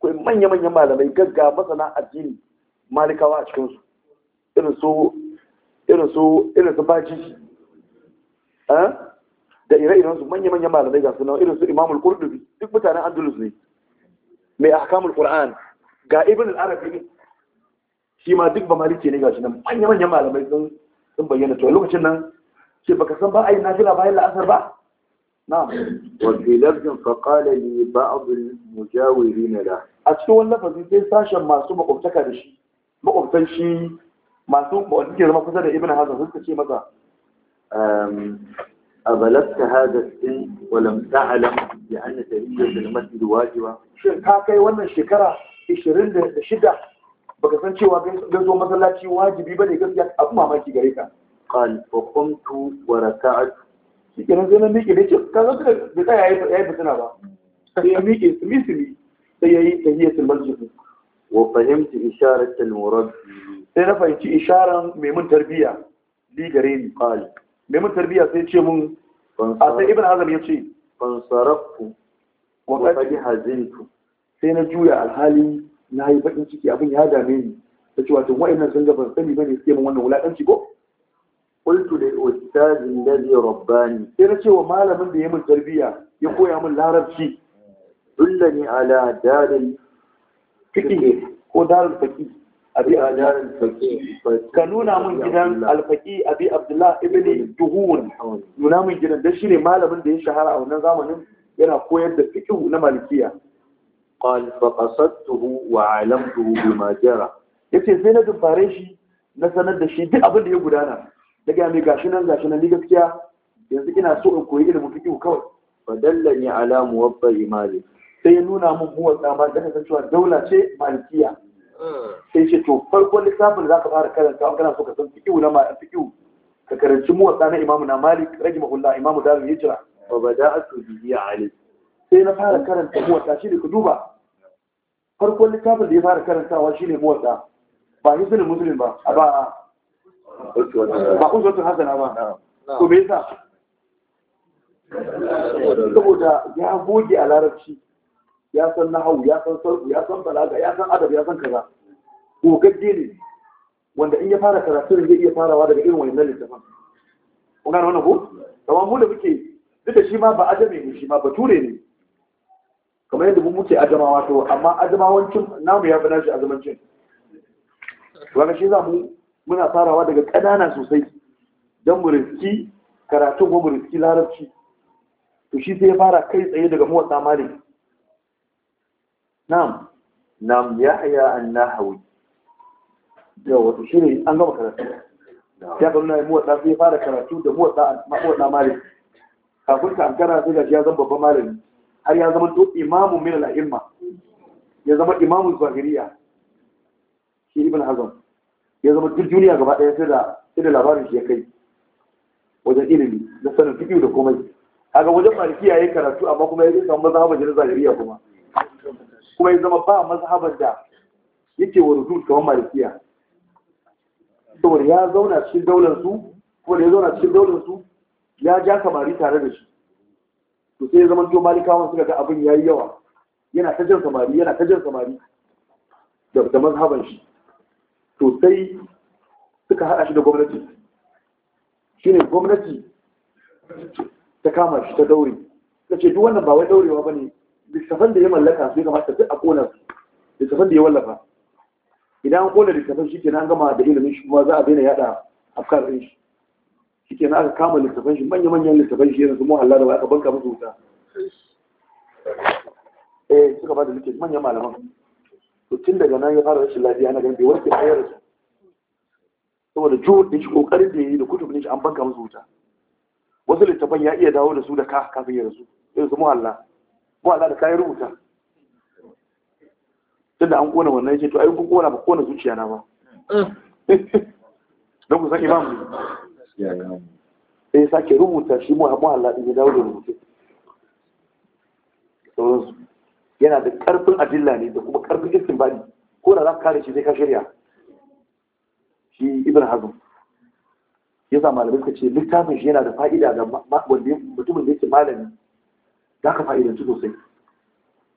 ko manya-manyan malamai gagga masana addini malikawa a cikinsu irin su Baci eh, da ire-iren su manya-manyan malamai ga suna irin su imamul kurdubi duk mutanen andalus ne mai ahkamul qur'an ga ibn al-arabi shi ma duk ba malike ne ga shi nan manya-manyan malamai sun bayyana to lokacin nan shi baka san ba ayi nafila bayan la'asar ba na'am wa fi lafzin fa ne ba abin mujawiri na da? a cikin wannan lafazin sai sashen masu makwabtaka da shi makwabtan shi masu wadda ke zama kusa da ibn hazan sun ce masa أبلغت هذا السن ولم da بأن تربية المسجد shi شن kai wannan shekara 26 baka san cewa zo masallaci wajibi bane gaskiya abu mamaki gare ka qal fa qumtu wa raka'at kiran zai na miƙe da ce ka zo da da tsaya yayi fitina ba sai ya miƙe sumi sumi sai yayi tahiyatul masjid wa fahimci isharar talmurar sai na fahimci isharar mai mun tarbiya li gare ni kali mai mun tarbiya sai ce mun a sai ibn Azam ya ce fansarafku wa kadi hazintu sai na juya alhali na yi bakin ciki abin ya dame ni ta ce wato wa'annan sun gaban sani bane sai mun wannan wulakanci ko qultu lil ustad alladhi rabbani sai na ce wa malamin da ya mun tarbiya ya koya mun larabci dullani ala dalil ko abi ka nuna mun gidan alfaki abi abdullah ibn duhun nuna mun gidan dan shine malamin da ya shahara a wannan zamanin yana koyar da fiki na malikiya qal fa qasadtuhu wa alamtuhu bima jara yace sai na dubare shi na sanar da shi duk abin da ya gudana daga mai gashi nan gashi nan ni gaskiya yanzu ina so in koyi ilimin fiki kawai fadallani ala muwabba imali. sai ya nuna mun huwa tsama da kasan cewa daula ce malikiya sai ce to farkon littafin da zaka fara karanta an kana so ka san fiqhu na ma'an fiqhu ka karanci wasa na imamu na malik rahimahullah imamu da hijra wa bada'atu bihi ali sai na fara karanta muwatsa shi ne ku duba farkon littafin da ya fara karantawa shine wasa. ba hisnul muslim ba ba ba uzwatun hasana ba to me yasa saboda ya goge a larabci ya san nahawu ya san sarku ya san balaga ya san adab ya san kaza gogagge ne wanda in ya fara karatu zai iya farawa daga irin wannan littafin Kuna gane wannan ko kamar mu da muke duk da shi ma ba ajame ne shi ma bature ne kamar yadda mu muke ajamawa to amma ajamawancin namu ya fi nashi azamancin wani shi za mu muna farawa daga ƙanana sosai don mu riski karatu ko mu riski larabci to shi sai ya fara kai tsaye daga muwatsa malik Nam! na'am na'am yahya an-nahawi yawa shi ne an gama karatu ya ga nuna mu da sai fara karatu da mu da mu da malami kafin ka ankara sai ga ya zama babban malami har ya zama to imamu min al-a'imma ya zama imamu zahiriya shi ibn hazm ya zama duk duniya gaba ɗaya sai da sai da labarin shi ya kai wajen ilimi da sanin fiƙi da komai kaga wajen malikiya yayi karatu amma kuma ya samu mazhaban jin zahiriya kuma kuma ya zama ba mazhabar da yake wa rujul kamar malikiya saboda ya zauna cikin daular su kuma da ya zauna cikin daular su ya ja samari tare da shi to sai ya zama to malikawan suka ga abin yayi yawa yana ta jan samari yana ta jan samari da mazhaban shi to sai suka haɗa shi da gwamnati shine gwamnati ta kama shi ta daure ta ce duk wannan ba wai daurewa bane littafan da ya mallaka su ya kamata duk a kona su littafan da ya wallafa idan an kona littafan shi kenan gama da ilimin shi kuma za a daina yada afkar din shi shi kenan aka kama littafan shi manya manyan littafan shi yana su muhalla da aka banka musu wuta eh suka bada littafi manyan malaman to tun daga nan ya fara rashin lafiya na ganin bai warke ba ya rasu saboda juhud din shi kokarin da ya yi, da kutubin din shi an banka musu wuta wasu littafan ya iya dawo da su da ka kafin ya rasu irin su muhalla za da kayi rubuta tunda an kona wannan yake to ai ku kona ba kona zuciya na ba mm. don san imam sai sa sake rubuta shi mu hamu Allah ya dawo da rubuta yana da karfin adilla ne da kuma karfin istinbadi ko da za ka kare shi sai ka shirya shi ibn hazm ya sa malamai ce littafin shi yana da fa'ida ga mutumin da yake malami za ka fa'idanci sosai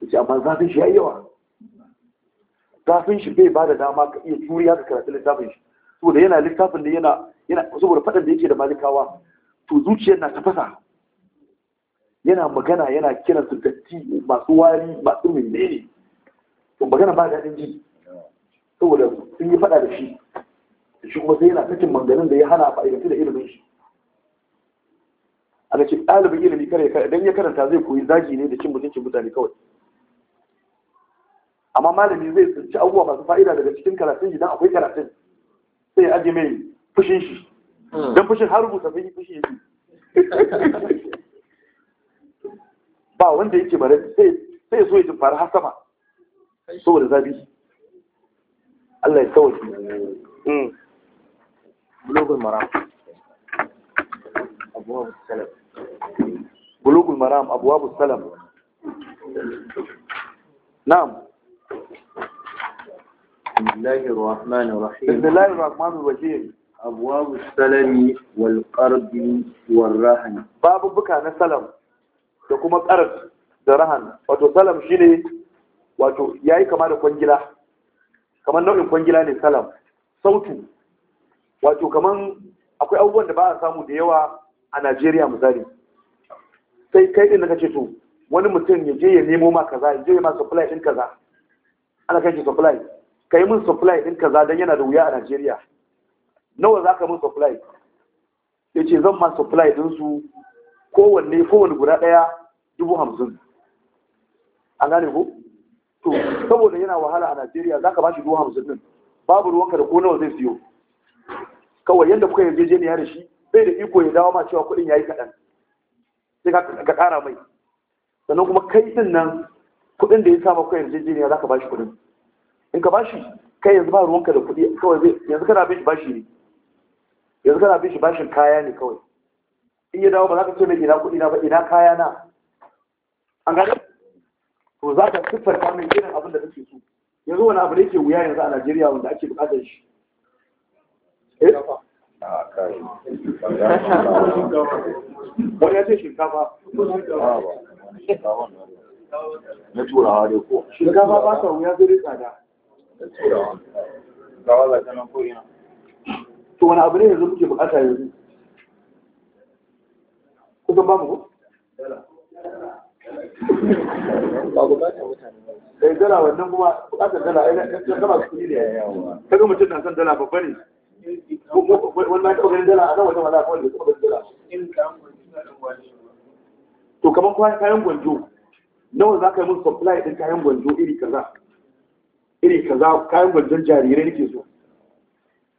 ya ce amma zafin shi ya yi yawa zafin shi bai ba da dama ka iya juriya ka karatun littafin shi saboda yana littafin da yana yana saboda faɗan da yake da malikawa to zuciyar na tafasa yana magana yana kiran su datti masu wari masu menene to magana ba daɗin ji saboda sun yi faɗa da shi shi kuma sai yana sakin manganin da ya hana fa'idanci da ilimin shi aka ce ɗalibin ilimi kare kare idan ya karanta zai koyi zagi ne da cin mutuncin mutane kawai amma malami zai tsinci abubuwa masu fa'ida daga cikin karatun idan akwai karatun sai ya aje mai fushin shi hmm. don fushin har rubuta fi fushin yake ba wanda yake bare sai so ya ji fara har sama saboda zabi Allah ya kawai بلوغ المرام أبواب Salaf. bulugul maram abuwabu salam na'am bismillahir rahmanir rahim bismillahir rahmanir rahim abuwabu salami wal qardi wal rahan babu buka na salam da kuma qard da rahan wato salam shine wato yayi kama da kwangila kamar nau'in kwangila ne salam sautu wato kamar akwai abubuwan da ba a samu da yawa a Najeriya misali sai kai din kace to wani mutum ya je ya nemo ma kaza ya je ya ma supply din kaza ana kai ki supply kai mun supply din kaza dan yana da wuya a Najeriya nawa za ka mun supply ce zan ma supply din su kowanne kowanne guda daya dubu hamsin an gane ko to saboda yana wahala a Najeriya za ba bashi dubu hamsin din babu ruwanka da ko nawa zai siyo kawai yadda kuka yarjejeniya da shi bai da iko ya dawo ma cewa kuɗin ya yi kaɗan sai ka ƙara mai sannan kuma kai din nan kuɗin da ya sa maka yarjejeniya za ka ba shi kuɗin in ka ba shi kai yanzu ba ruwanka da kuɗi kawai zai yanzu kana bin shi bashi ne yanzu kana bin shi bashin kaya ne kawai in ya dawo ba za ka ce mai ina kuɗi na ba ina kaya na an gane to za ka siffarta mai irin abin da kake so yanzu wani abu da yake wuya yanzu a Najeriya wanda ake buƙatar shi eh? wani ya ce shinkafa na turawa dai ko shinkafa ba sa wuya zai rika da gawa za ta nan ko ina to wani abu ne yanzu muke bukata yanzu kusan ba mu ko ba bukatar mutane ba dala wannan kuma bukatar dala ai na kama kuɗi ne yawa kaga mutum na son dala babba ne wannan taɓa ganin dala a nan wajen wala kawai da taɓa ganin dala to kamar kuma kayan gwanjo nawa za ka yi mun supply ɗin kayan gwanjo iri kaza iri kaza kayan gwanjon jarirai nake so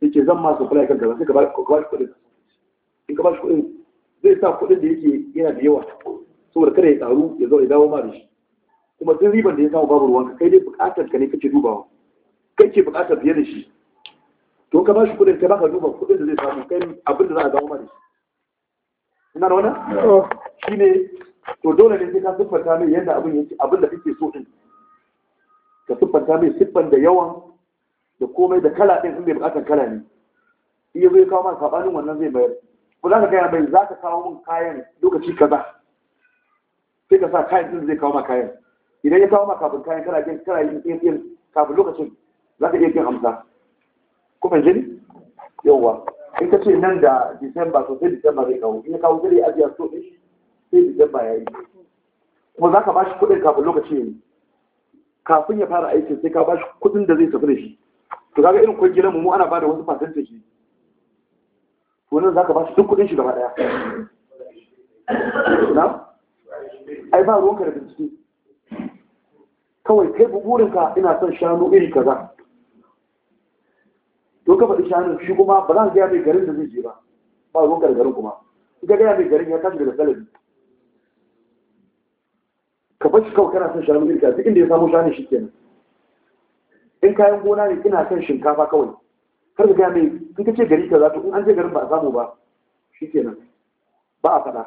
yake zan ma supply kan gaba sai ka ba shi kuɗin in ka ba shi kuɗin zai sa kuɗin da yake yana da yawa saboda kada ya tsaru ya zo ya dawo ma da shi kuma duk riban da ya samu babu ruwanka kai dai buƙatar ka ne kake dubawa kai ke buƙatar fiye da shi to ka ba shi kudin kai baka duba kudin da zai samu kai abin da za a dawo mana ina da wannan oh. shi ne to dole ne sai ka siffanta mai yadda abin yake abin da kake so din ka siffanta mai siffan da yawan da komai da kala ɗin in bai buƙatar kala ne iya zai kawo maka sabanin wannan zai bayar ko za ka gaya bai za ka kawo min kayan lokaci kaza sai ka sa kayan din zai kawo ma kayan idan ya kawo maka kafin kayan kana jin kana yin kafin lokacin za ka iya jin amsa kuma jini yawwa in ka ce nan da disamba to sai disamba zai kawo in kawo zai ajiya so ɗin sai disamba ya yi kuma za ka ba shi kuɗin kafin lokaci ya yi kafin ya fara aikin sai ka ba shi kuɗin da zai tafi da shi to kaga irin kwan mu mu ana ba da wasu da shi to nan za ka ba shi duk kuɗin shi gaba ɗaya na ai ba ruwanka da bincike kawai kai burinka ina son shanu iri kaza to ka faɗi shanin shi kuma ba za ka gaya mai garin da zai je ba ba ruwan gargarin kuma in ka gaya mai garin ya tashi daga salabi ka bar shi kawai kana son shanu irka duk inda ya samu shanu shi kenan in kayan gona ne ina son shinkafa kawai kar ka gaya mai in ka ce gari ka za ta in an je garin ba a samu ba shi kenan ba a faɗa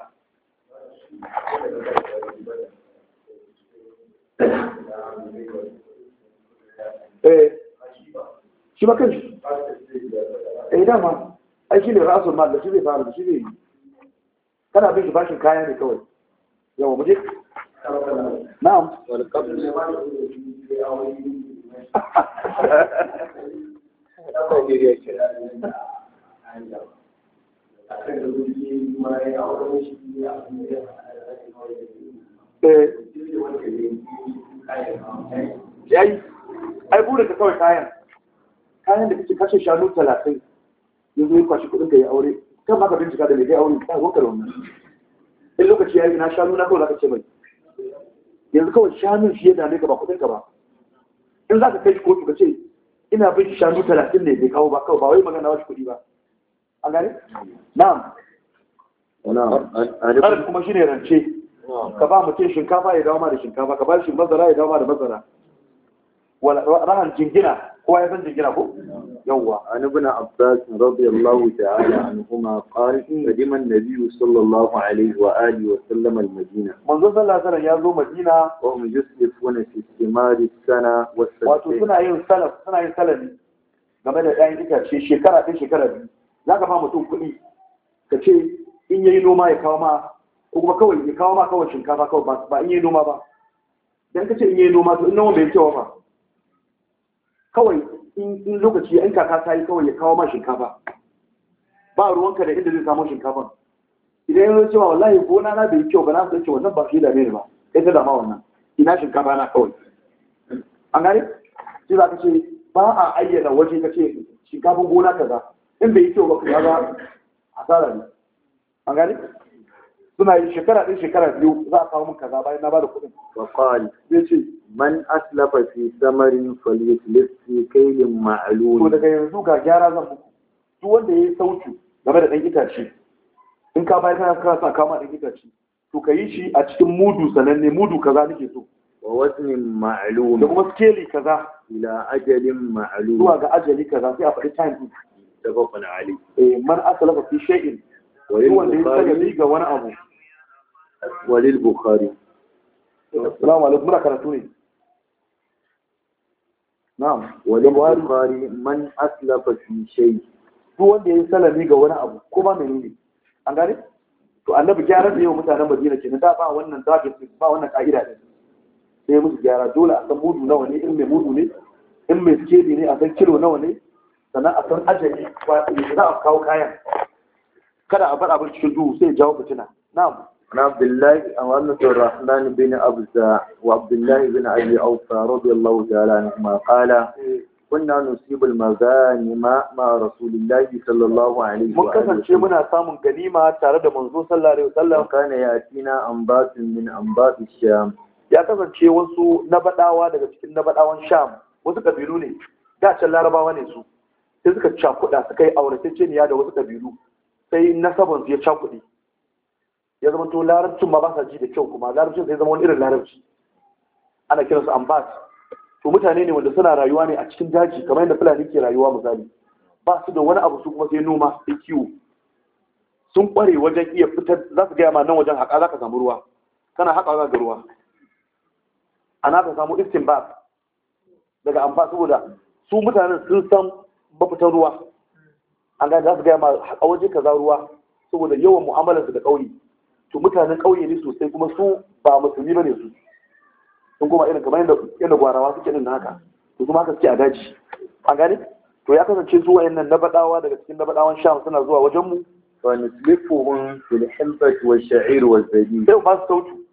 eh shi ba kanshi eh dama ai shi ne ra'asul ma da shi zai fara da shi zai kana bin shi bashin kaya ne kawai yawa muje na'am Eh, ai ka kawai kayan kayan da kake kashe shanu talatin ya zo ya kwashi kuɗin ka yi aure kan maka bincika da mai dai aure ta gokar wannan in lokaci ya yi na shanu na kawai za ka ce mai yanzu kawai shanu shi ya dame ka ba kuɗin ka ba in za ka kai shi kotu ka ce ina bin shanu talatin ne bai kawo ba kawai ba wai magana ba shi kuɗi ba an gane na'am ƙarar kuma shi ne rance ka ba mutum shinkafa ya dawo ma da shinkafa ka ba shi mazara ya dawo ma da mazara rahan jingina kowa ya san jingina ko yawwa an ibn abbas radiyallahu ta'ala anhuma qala in qadima an-nabiy sallallahu alaihi wa alihi wa sallam al-madina manzo sallallahu alaihi ya zo madina wa hum yuslifuna fi istimari sana wa wato suna yin salaf suna yin salafi game da ɗayan itace shekara ta shekara biyu za ka ba mutum kuɗi ka ce in yayi noma ya kawo ma ko kuma kawai ya kawo ma kawai shinkafa kawai ba in yayi noma ba dan ka ce in yayi noma to in nawa bai cewa ba kawai in lokaci in kaka ta yi kawai ya kawo ma shinkafa ba ruwanka da inda zai samu shinkafan idan yanzu cewa wallahi gona na bai kyau ba na san cewa wannan ba shi da ne ba kai ta dama wannan ina shinkafa na kawai an gane shi za ka ce ba a ayyana waje ka ce shinkafan gona kaza in bai yi kyau ba ka ga asara ne an gane suna yi shekara ɗin shekara biyu za a kawo min kaza bayan na bada kuɗin wa Zai ce. man aslafa fi samarin falyuslif kai kaylin ma'lum to daga yanzu ga gyara zan muku duk wanda ya yi sauki game da ɗan itace in ka bayar kana kana sa kama ɗan itace to ka yi shi a cikin mudu sananne mudu kaza nake so wa wasnin ma'lum da kuma skeli kaza ila ajalin ma'lum zuwa ga ajali kaza sai a faɗi time din da bakon ali eh man aslafa fi shay'in yi yin ga wani abu walil bukhari salam alaikum muna karatu ne na'am walil bukhari man aslafa fi shay duk wanda ya yi salami ga wani abu ko ba menene an gane to annabi gyaran da yau mutanen madina kenan da ba wannan zabi ba wannan ka'ida ne. sai musu gyara dole a san mudu nawa ne in mai mudu ne in mai sikeli ne a san kilo nawa ne sannan a san ajali ba za a kawo kayan kada a bar abin cikin duhu sai jawo fitina na'am عن عبد الله أمانة الرحمن بن أبزع وعبد الله بن أبي أوفى رضي الله تعالى عنهما قال كنا نصيب المغانم مع رسول الله صلى الله عليه وسلم مكسن شيء منا سامن غنيمة تارد منزو صلى الله عليه وسلم وكان يأتينا أنبات من أنبات الشام ya kasance wasu nabaɗawa daga cikin nabaɗawan sham wasu ƙabilu ne da can larabawa ne su sai suka cakuɗa suka yi auratacce ne da wasu ƙabilu sai nasabansu ya cakuɗe ya zama to larabcin ma ba sa ji da kyau kuma larabcin sai zama wani irin larabci ana kiransu ambas to mutane ne wanda suna rayuwa ne a cikin daji kamar yadda fulani ke rayuwa misali ba su da wani abu su kuma sai noma sai kiwo sun kware wajen iya fitar za su gaya ma nan wajen haƙa za ka samu ruwa kana haƙa za ka ruwa ana ka samu ba daga amfa saboda su mutanen sun san mafitan ruwa an ga za su gaya ma haƙa waje za ruwa saboda yawan mu'amalarsu da ƙauye to mutanen ƙauye ne sosai kuma su ba musulmi ba ne su sun koma irin kamar yadda gwarawa suke din haka to kuma haka suke a daji A gani? to ya kasance su wayannan badawa daga cikin badawan sham suna zuwa wajen mu wa nuslifuhum fil hilbat wa sha'ir wa zabi sai ba su sautu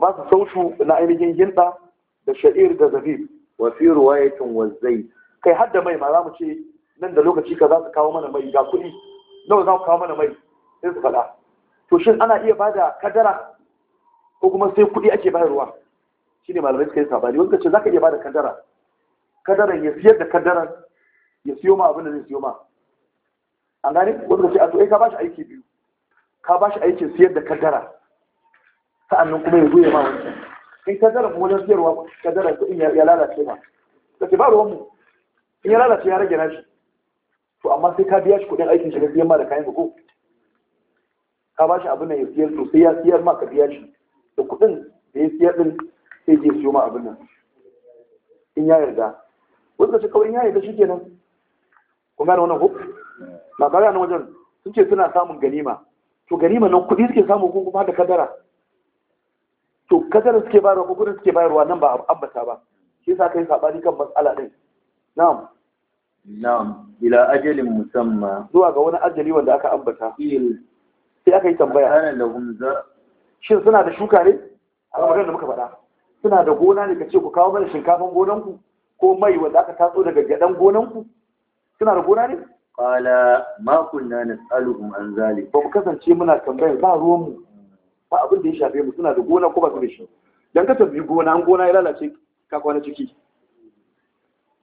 ba su sautu na ainihin hinda da sha'ir da zabi wa fi riwayatin wa zayt kai hadda mai ma za mu ce nan da lokaci ka za su kawo mana mai ga kuɗi nawa za ku kawo mana mai sai su faɗa to shin ana iya ba da kadara ko kuma sai kuɗi ake bayarwa shi ne malamai suka yi sabani wanda ce za ka iya ba da kadara kadaran ya siyar da kadaran ya siyo ma abin da zai siyo ma an gane wanda ce a to eh, ka ba shi aiki biyu ka ba shi aikin siyar da kadara sa'annan kuma ya zo ya ma wancan in kadaran mu wajen siyarwa kadaran kuɗin ya lalace ma da ce ba ruwanmu in ya lalace ya rage nashi to amma sai ka biya shi kuɗin aikin shi ga siyan ma da kayan ko ka ba shi abin nan ya siyar to sai ya siyar ma ka biya shi da kuɗin da ya siyar din sai ya siyo ma abin nan in ya yarda wanda su kawai ya yarda kenan. kun gane wannan ko na kaga nan wajen sun ce suna samun ganima to ganima nan kuɗi suke samu ko kuma da kadara to kadara suke bayarwa ko kuɗin suke bayarwa nan ba ambata ba shi yasa kai sabani kan matsala din na'am na'am ila ajalin musamman. zuwa ga wani ajali wanda aka ambata sai aka yi tambaya shin suna da shuka ne a maganar da muka faɗa suna da gona ne ka ce ku kawo mana shinkafin gonanku ko mai wanda aka taso daga gadan gonanku suna da gona ne qala na na nas'aluhum an zalik ba mu kasance muna tambayar ba ruwan mu ba abin da ya shafe mu suna da gona ko ba su da shi dan ka tambayi gona an gona ya lalace ka kwana ciki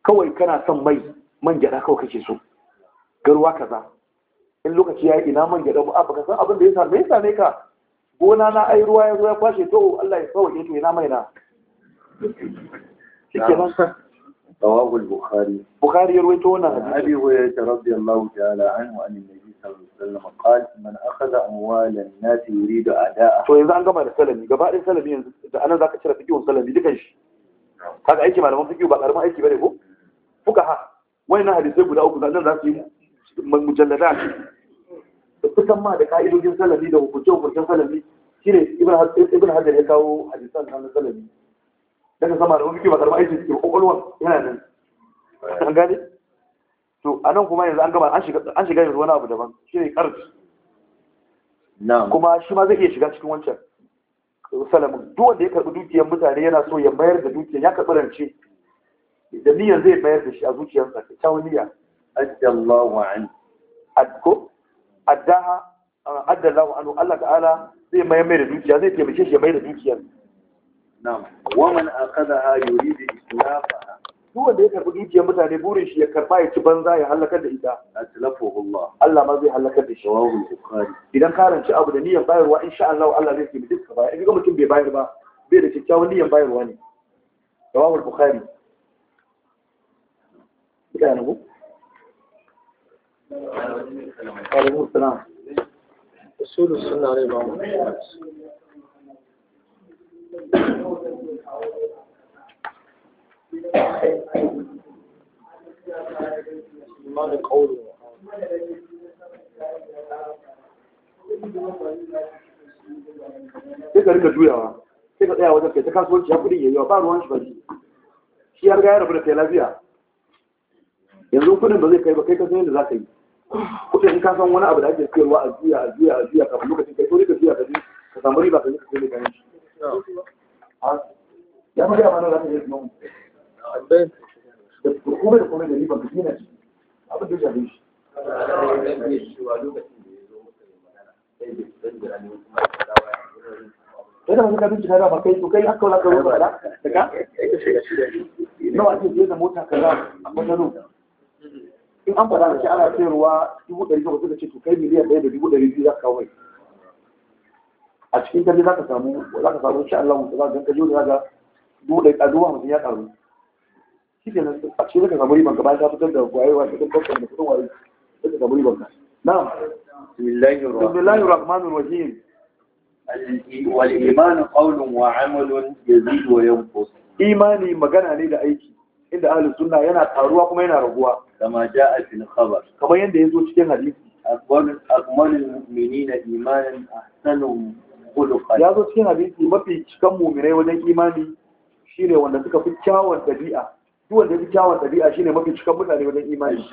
kawai kana son mai man gyada kawai kake so Garuwa kaza in lokaci ya yi ina man gyaɗa ba ka san abin da ya same ya same ka gona na ai ruwa ya zo ya kwashe to Allah ya sauke to ina mai na shikenan رواه البخاري بخاري يروي تونا عن ابي هريره رضي الله تعالى عنه عن النبي صلى الله عليه وسلم قال من اخذ اموال الناس يريد اداءها to yanzu an gama da salami gaba ɗaya salami yanzu da anan zaka cire fikihun salami dukan shi kaga aiki malaman fikihu ba karamin aiki bane ko fukaha wayannan hadisai guda uku nan za su mujallada ce kusan ma da ka'idojin Salami da hukunce-hukuncen salami shi ne ibn hajar ya kawo hadisan na Salami. daga sama da wani ke ba karɓar kwakwalwar yana nan an gane to a nan kuma yanzu an gama an shiga yanzu wani abu daban shi ne karfi kuma shi ma zai iya shiga cikin wancan salamin duk wanda ya karɓi dukiyar mutane yana so ya mayar da dukiyar ya karɓi rance da niyyar zai mayar da shi a zuciyarsa kyawun niyya adda Allahu an adko addaha adda Allahu anhu Allah ta'ala zai mai mai da dukiya zai taimake shi ya mai da dukiyar na'am wa man akhadha yuridu islafaha duk wanda ya karbi dukiyar mutane burin shi ya karba ya ci banza ya halakar da ita atlafuhu Allah Allah ma zai halakar da shi bukhari idan ka ranci abu da niyyar bayarwa insha Allah Allah zai taimake ka bayar in ga mutum bai bayar ba bai da kyakkyawan niyyar bayarwa ne rawahu bukhari kana ko وعليكم السنة عليه بعض ماذا قوله sai ka rika juyawa sai ka tsaya wajen kai ta kasuwanci ya kudi yayyawa ba ruwan shi ba shi shi ya riga ya rabu da kai lafiya yanzu kudin ba zai kai ba kai ka san yadda za ka yi kuɗin in ka san wani abu da ake kaiwa a juya a juya a juya kafin lokacin kai sauri ka juya ka je ka samu riba ka je ka kai mai kayan shi ya fi yawa nan za ka je sunan da kome da kome da riba ka shi abin da ya shafe shi wani kafin cikin rama kai to kai wani da ka? nawa ake je da mota kaza a kwatano an faɗa da shi ana sayarwa dubu ɗari ce miliyan ɗaya da dubu ɗari biyu za ka kawo mai a cikin kaje za ka samu za ka samu za ka ganka da ga a ya ƙaru shi ke a cikin samu riban ka bayan ka fitar da da da ka samu riban ka na'am bismillahir rahmanir rahim inda ahlus sunna yana taruwa kuma yana raguwa kama ja'a fil khabar kamar yadda yazo cikin hadisi akmalul mu'minina imanan ahsanuhum khuluqan yazo cikin hadisi mafi cikan mu'minai wajen imani shine wanda suka fi kyawun dabi'a duk wanda ya fi kyawun dabi'a shine mafi cikan mutane wajen imani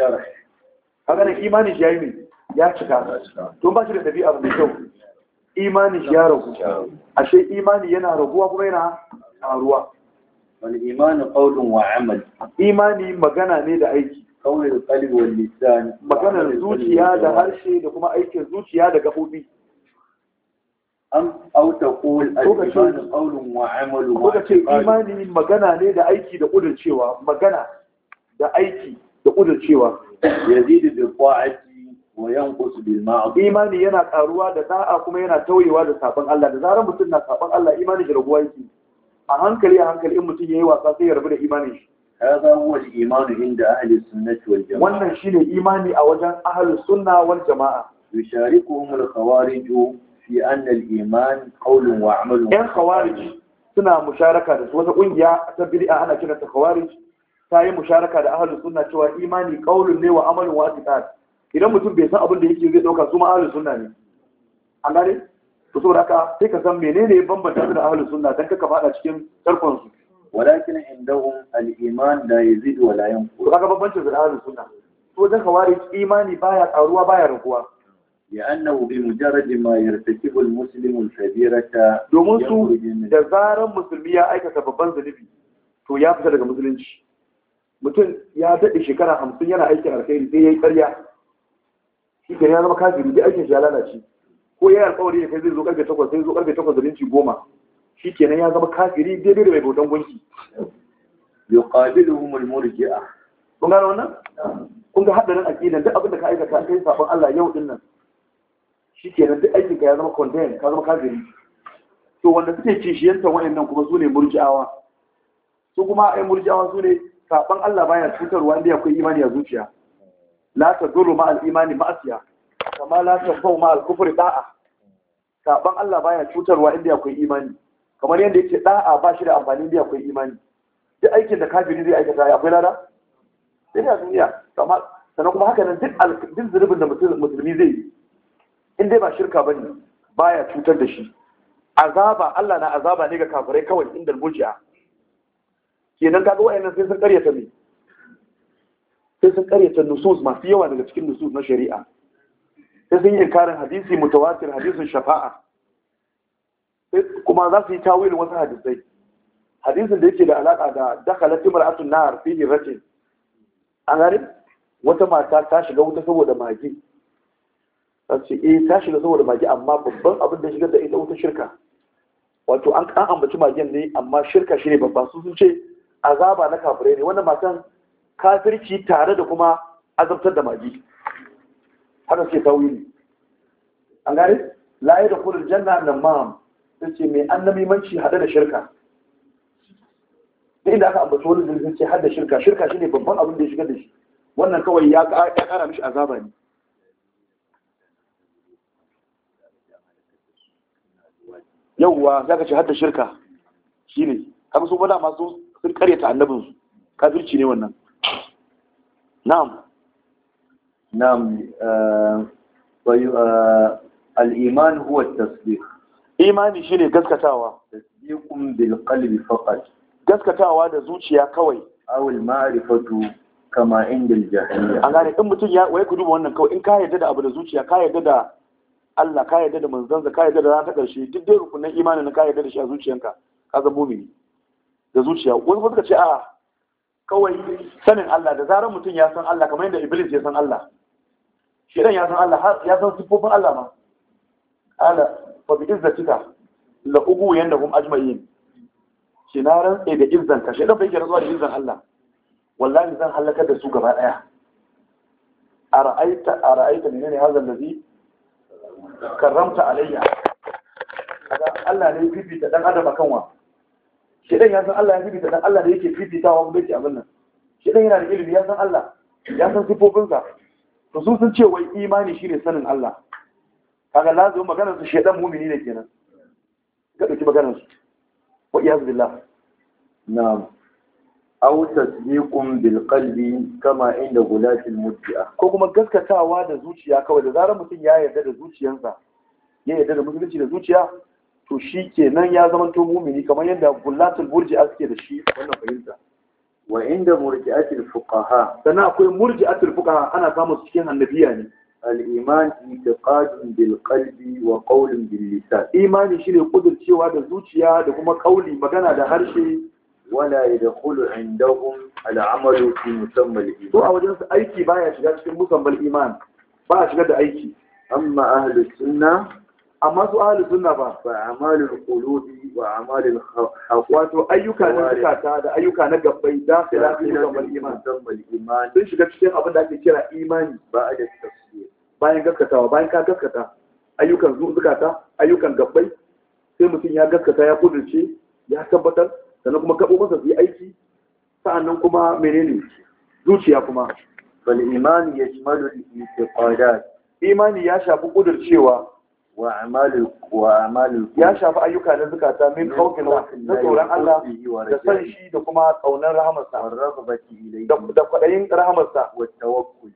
kaga da imani shi yayi ne ya cika to ba shi da dabi'a mai kyau imani shi ya ragu ashe imani yana raguwa kuma yana karuwa Wani imanu qawlun wa amal imani magana ne da aiki kaunin qalbi wal lisan maganar zuciya da harshe da kuma aikin zuciya da gabobi an auta qul al-iman qawlun wa amalun wa ce imani magana ne da aiki da cewa magana da aiki da kudurcewa yazidu bil qa'ati wa yanqus bil ma'asi imani yana karuwa da da'a kuma yana tauyewa da sabon Allah da zarar mutum na sabon Allah imani da raguwa yake a hankali a hankali in mutum yayi wasa sai ya rabu da imanin shi هذا هو الإيمان عند أهل السنة والجماعة وانا شيني إيماني أوجا أهل السنة والجماعة يشاركهم الخوارج في أن الإيمان قول وعمل إن خوارج سنة مشاركة وتقول تبرئ أنا كنت خوارج تاي مشاركة أهل السنة شوى إيماني قول لي وعمل واعتقاد idan mutum bai san abin da yake zai dauka su ma ahlus sunna ne an gane to saboda haka sai ka san menene bambanta da ahlus sunna dan kaka fada cikin tarkon su walakin indahum al-iman la yazid wa la yanqus kaga babbancin fir'aun sunna to da kawari imani baya karuwa baya raguwa لأنه بمجرد ما يرتكب المسلم الكبيرة domin su da zaran musulmi ya aikata babban zunubi to ya fita daga musulunci mutum ya daɗe shekara hamsin yana aikin alkhairi sai ya yi ƙarya shi ya zama kafiri da aikin shi ya lalace ko ya yi alƙawari da kai zai zo ƙarfe takwas da minti goma shi kenan ya zama kafiri daidai da mai bautan gunki yuqabiluhum al-murji'a kun gano wannan kun ga hadarin aqidan duk abin da ka aikata kai sabon Allah yau din nan kenan duk aikin ka ya zama condemn ka zama kafiri to wanda suke kishiyantar wayannan kuma su ne murji'awa su kuma ai murji'awa su ne sabon Allah baya cutarwa inda akwai imani a zuciya la tadurru ma al-imani ma'asiya kama la fau ma al-kufri da'a sabon Allah baya cutarwa inda akwai imani kamar yadda yake da'a ba shi da amfani da akwai imani duk aikin da kafiri zai aikata ya akwai lada sai zuniya duniya sannan kuma haka nan duk zurubin da musulmi zai yi in dai ba shirka ba ne baya cutar da shi azaba Allah na azaba ne ga kafirai kawai inda murji'a kenan kaga wayannan sai sun karyata ne sai sun karyata nusus masu yawa daga cikin nusus na shari'a sai sun yi inkarin hadisi mutawatir hadisin shafa'a kuma za su yi tawilin wasu hadisai hadisin da yake da alaka da dakhalat imra'atun nar fi hirratin an gari wata mata ta shiga wuta saboda magi ta ce eh ta shiga saboda magi amma babban abin da shigar da ita wuta shirka wato an ambaci magin ne amma shirka shi ne babba su sun ce azaba na kafirai ne wannan matan kafirci tare da kuma azabtar da magi haka ce tawili an gari da yadkhulul janna ma'am sai ce mai annamimanci haɗe da shirka duk da aka ambaci wani zirgin ce haɗe shirka shirka shine babban abin da ya shiga da shi wannan kawai ya ƙara mishi azaba ne yauwa za ka ce haɗe shirka shine kamar sun faɗa masu sun karyata annabinsu kafirci ne wannan na'am نعم الإيمان هو التصديق imani shine gaskatawa tasdiqun bil qalbi faqat gaskatawa da zuciya kawai awil ma'rifatu kama inda jahiliya an gane in mutum ya waye ku duba wannan kawai in ka yarda da abu da zuciya ka yarda da Allah ka yarda da manzansa ka yarda da ran ta karshe duk dai rukunin imanin ka yarda da shi a zuciyanka ka zama mumini da zuciya wani ba suka ce a kawai sanin Allah da zarar mutum ya san Allah kamar yadda Iblis ya san Allah shi ya san Allah ya san siffofin Allah ma ala fa bi izzatika la ubu yanahum ajma'in shi sai da izzan ka shi dan bai kira zuwa da izzan Allah wallahi zan halaka da su gaba daya ara'aita ara'aita menene hadha ladhi karramta alayya kaga Allah ne fifita dan adam akan wa shi dan ya san Allah ya fifita dan Allah da yake fifitawa kuma bace abin nan shi dan yana da ilimi ya san Allah ya san sifofinsa to sun sun ce wai imani shine sanin Allah kaga lazim maganar su shedan mumini ne kenan ga dauki maganar su wa iyaz billah na'am aw tasdiqun bil qalbi kama inda gulatil mudji'a ko kuma gaskatawa da zuciya kawai da zarar mutum ya yarda da zuciyarsa ya yarda da musulunci da zuciya to shi kenan ya zama to mumini kamar yadda gulatul burji suke da shi wannan fahimta wa inda murji'atul fuqaha Sana akwai murji'atul fuqaha ana samun cikin annabiya ne al'iman itiqadun bil qalbi wa qawlun bil lisan imani shine kudurcewa da zuciya da kuma kauli magana da harshe wala yadkhulu indahum al amalu fi musamma al iman to a wajen su aiki baya shiga cikin musamma iman ba a shiga da aiki amma ahli sunna amma su ahli sunna ba fa amalul qulubi wa amalul haqwa to ayyuka na zakata da ayyuka na gabbai da khilafi musamma al iman sun shiga cikin abin da ake kira imani ba a da tafsir bayan gaskatawa bayan ka gaskata ayyukan zukata ayyukan gabbai sai mutum ya gaskata ya kudurce ya tabbatar sannan kuma kaɓo masa su yi aiki sa'annan kuma menene zuciya kuma bal imani ya shimalu istiqadat imani ya shafi kudurcewa wa amalu wa amalu ya shafi ayyuka na zukata min kawkin na tsoron Allah da san shi da kuma tsaunar rahamarsa da kwadayin rahamarsa wa tawakkul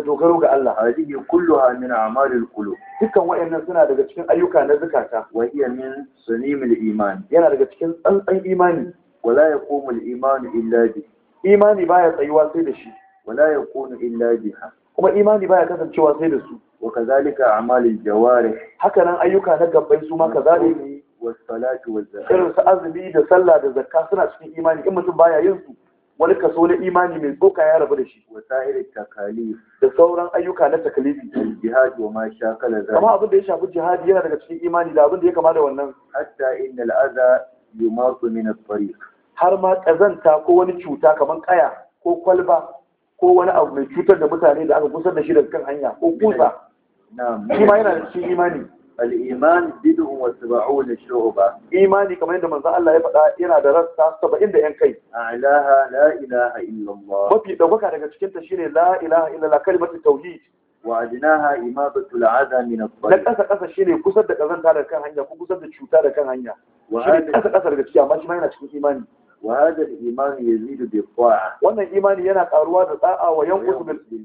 da dogaro ga Allah hadihi kulluha min a'malil qulub dukkan wayannan suna daga cikin ayyuka na zakata wa hiya min sunimil iman yana daga cikin tsantsan imani wala yaqumu al iman illa bi imani baya tsayuwa sai da shi wala yakunu illa biha kuma imani baya kasancewa sai da su wa kazalika a'malil jawarih haka nan ayyuka na gabbai su ma kazalika was salatu waz zakah irin su azumi da sallah da zakka suna cikin imani in mutum baya yin su wani kaso na imani mai tsoka ya rabu da shi wasa'ir takalif da sauran ayyuka na takalifi jihad wa ma shakala zalika amma abin da ya shafi jihadi yana daga cikin imani da abin da ya kama da wannan hatta innal adha yumatu min at-tariq har ma kazanta ko wani cuta kamar kaya ko kwalba ko wani abu mai cutar da mutane da aka kusa da shi daga kan hanya ko kusa shi ma yana da cikin imani al'iman bid'un wa sab'una shu'ba imani kamar yadda manzo Allah ya faɗa yana da rassa saba'in da yan kai alaha la ilaha illa mafi daukaka daga cikin ta shine la ilaha illa Allah kalimatu tauhid wa adnaha imadatu al'adha min at-tariq na ƙasa ƙasa shine kusa da ƙazanta da kan hanya ko kusa da cuta da kan hanya shine ƙasa ƙasa daga ciki amma shi ma yana cikin imani wa hada al yazidu bi ta'a wannan imani yana karuwa da ta'a wa yanqusu bil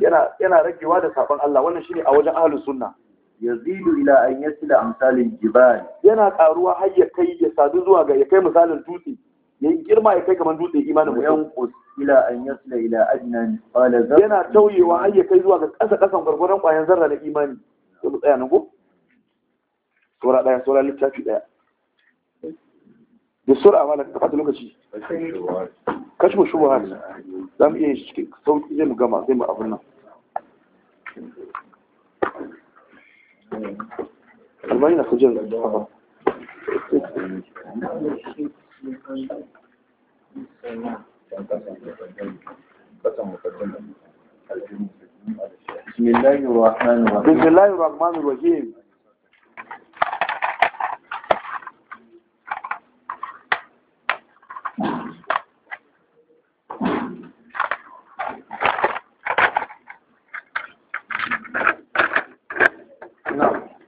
yana yana ragewa da sabon Allah wannan shine a wajen ahlus sunna yazidu ila an yasila amsalin jibal yana karuwa har ya kai ya sadu zuwa ga ya kai misalin dutse yi girma ya kai kamar dutse imanin mutum Yan ila an yasila ila adna misqala zarra yana tauyewa har ya kai zuwa ga kasa kasan gurgurun kwayan zarra na imani Ya mu tsaya nan ko sura daya sura littafi daya da sura wala ka fata lokaci Kashi kashmu shubuhat zamu iya shi sauki zai mu gama sai mu abin nan amma ina kujin da بسم الله الرحمن الرحيم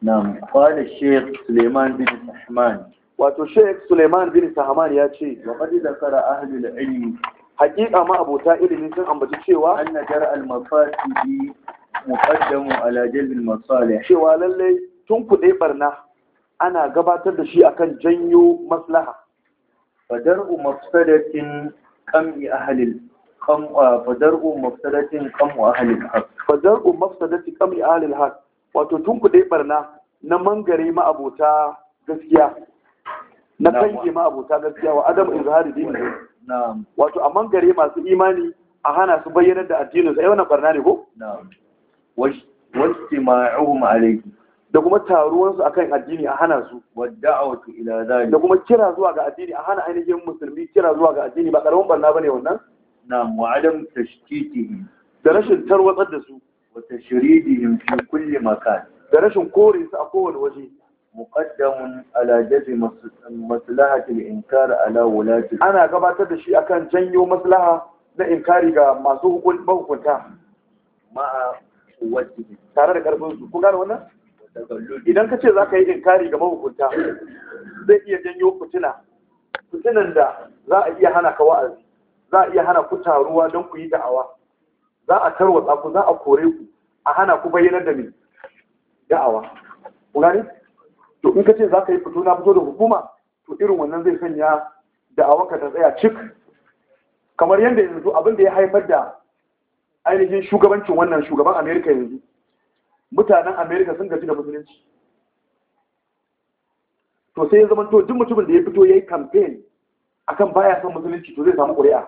Na'am, qala Sheikh Suleiman bin Sahman. Wato Sheikh Suleiman bin Sahman ya ce, wa qad zakara ahlul ilmi Hakika ma abota ilimi sun ambaci cewa anna jar al mafasidi muqaddamu ala jalb al masalih. Cewa lallai tun kuɗe barna ana gabatar da shi akan janyo maslaha. Fadar'u mafsadatin qam'i ahli kam fadar'u mafsadatin qam'u ahli al-haq. Fadar'u mafsadatin qam'i ahli al-haq. Wato tun kuɗe barna na mangare ma'abota gaskiya na kange ma'abota gaskiya wa adam izhari ne wato a mangare masu imani a hana su bayyana da addinin su ai wannan barna ne ko wajtima'uhum alayhi da kuma taruwan su akan addini a hana su wadda'awatu ila zalik da kuma kira zuwa ga addini a hana ainihin musulmi kira zuwa ga addini ba karamin barna bane wannan na'am wa adam tashtitihi da rashin tarwatsar da su wa tashridihim fi kulli makan da rashin kore su a kowane waje muqaddamun ala jazi maslahati li inkar ala wulati ana gabatar da shi akan janyo maslaha na inkari ga masu hukunta ma kuwatihi tare da karfin su ku gane wannan idan ka ce za ka yi inkari ga mahukunta zai iya janyo fitina fitinan da za a iya hana ka wa'azi za a iya hana ku taruwa don ku yi da'awa za a tarwatsa ku za a kore ku a hana ku bayyanar da mai da'awa ku to in ka ce za ka yi fito na fito da hukuma to irin wannan zai sanya da'awanka ta tsaya cik kamar yadda yanzu abin da ya haifar da ainihin shugabancin wannan shugaban amerika yanzu mutanen amerika sun gaji da musulunci to sai ya zama to duk mutumin da ya fito ya yi kamfen akan baya son musulunci to zai samu ƙuri'a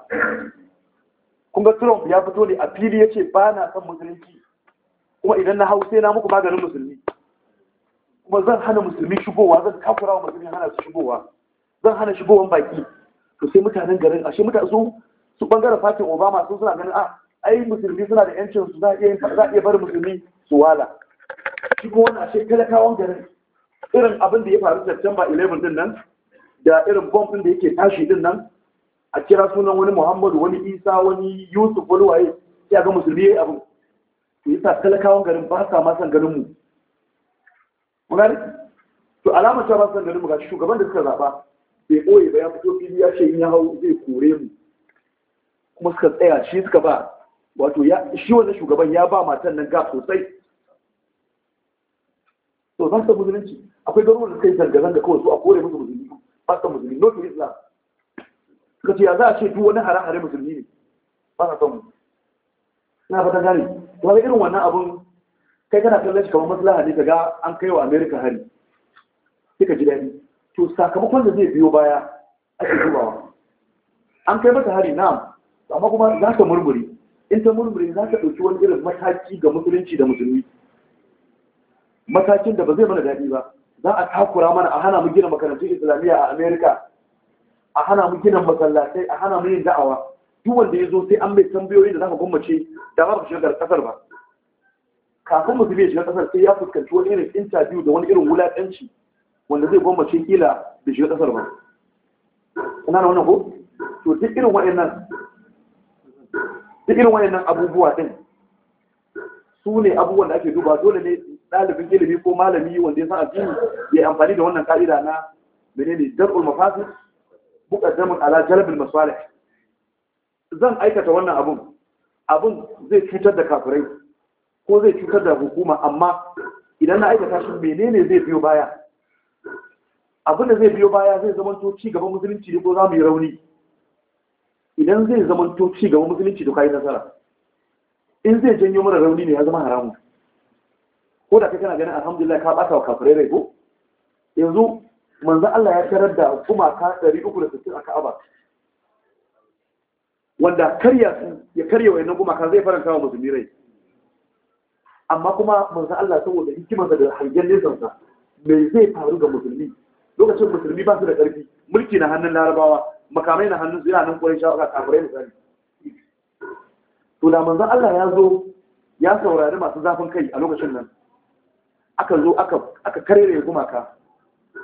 kun ga trump ya fito ne a fili ya ce ba na son musulunci kuma idan na hau sai na muku maganin musulmi kuma zan hana musulmi shigowa zan takura wa musulmi hana su shigowa zan hana shigowan baki to sai mutanen garin ashe mutane su su bangaren fatin obama sun suna ganin a ah, ai musulmi suna da yancin su za a iya bar musulmi su wala shigo kuma wannan ashe talakawan garin irin abin da ya faru September 11 din nan da irin bomb din da yake tashi din nan a kira sunan wani Muhammadu wani Isa wani Yusuf wani waye sai ga musulmi yayi abin to yasa talakawan garin ba sa ma san ganin mu mun to alamar ta ba san garinmu ga shugaban da suka zaba bai ɓoye ba ya fito fili ya ce in ya hau zai kore mu kuma suka tsaya shi suka ba wato shi wannan shugaban ya ba matan nan ga sosai to ba su musulunci akwai garuruwan da suka yi zanga-zanga kawai su a kore musu musulmi ba su musulmi no to islam suka ce ya za a ce duk wani hare-hare musulmi ne ba sa son mu na fatan gani to ga irin wannan abun kai kana kallon shi kamar maslaha ne kaga an kai wa America hari kika ji dadi to sakamakon da zai biyo baya ake dubawa an kai mata hari na amma kuma za ta murmuri in ta murmuri za ta ɗauki wani irin mataki ga musulunci da musulmi matakin da ba zai mana daɗi ba za a takura mana a hana mu gina makarantun islamiyya a amerika a hana mu gina masallatai a hana mu yin da'awa duk wanda ya zo sai an mai tambayoyi da za ka gwammace da ba ka shiga kasar ba kafin mutum ya shiga kasar sai ya fuskanci wani irin interview da wani irin wulaƙanci wanda zai gwammace kila da shiga kasar ba ina da wannan ko to duk irin wayannan duk irin wayannan abubuwa din su ne abubuwan da ake duba dole ne ɗalibin ilimi ko malami wanda ya san addini ya amfani da wannan ka'ida na menene dar'ul mafasid muqaddamun ala jalbil masalih zan aikata wannan abun abun zai cutar da kafirai ko zai cutar da hukuma amma idan na aikata shi menene zai biyo baya abin da zai biyo baya zai zama to ci gaban musulunci ko za mu yi rauni idan zai zama to ci gaban musulunci to kai nasara in zai janyo mana rauni ne ya zama haramun. ko da kai kana ganin alhamdulillah ka bata wa kafirai rai ko yanzu manzo Allah ya tarar da gumaka 360 a Ka'aba wanda karya su ya karya wayannan gumaka zai faranta wa musulmi rai amma kuma manzo Allah saboda hikimarsa da hangen nesansa, sa me zai faru ga musulmi lokacin musulmi ba su da ƙarfi mulki na hannun larabawa makamai na hannun su nan kwarin shawara kafirai misali to da manzo Allah ya zo ya saurari masu zafin kai a lokacin nan aka zo aka aka karere gumaka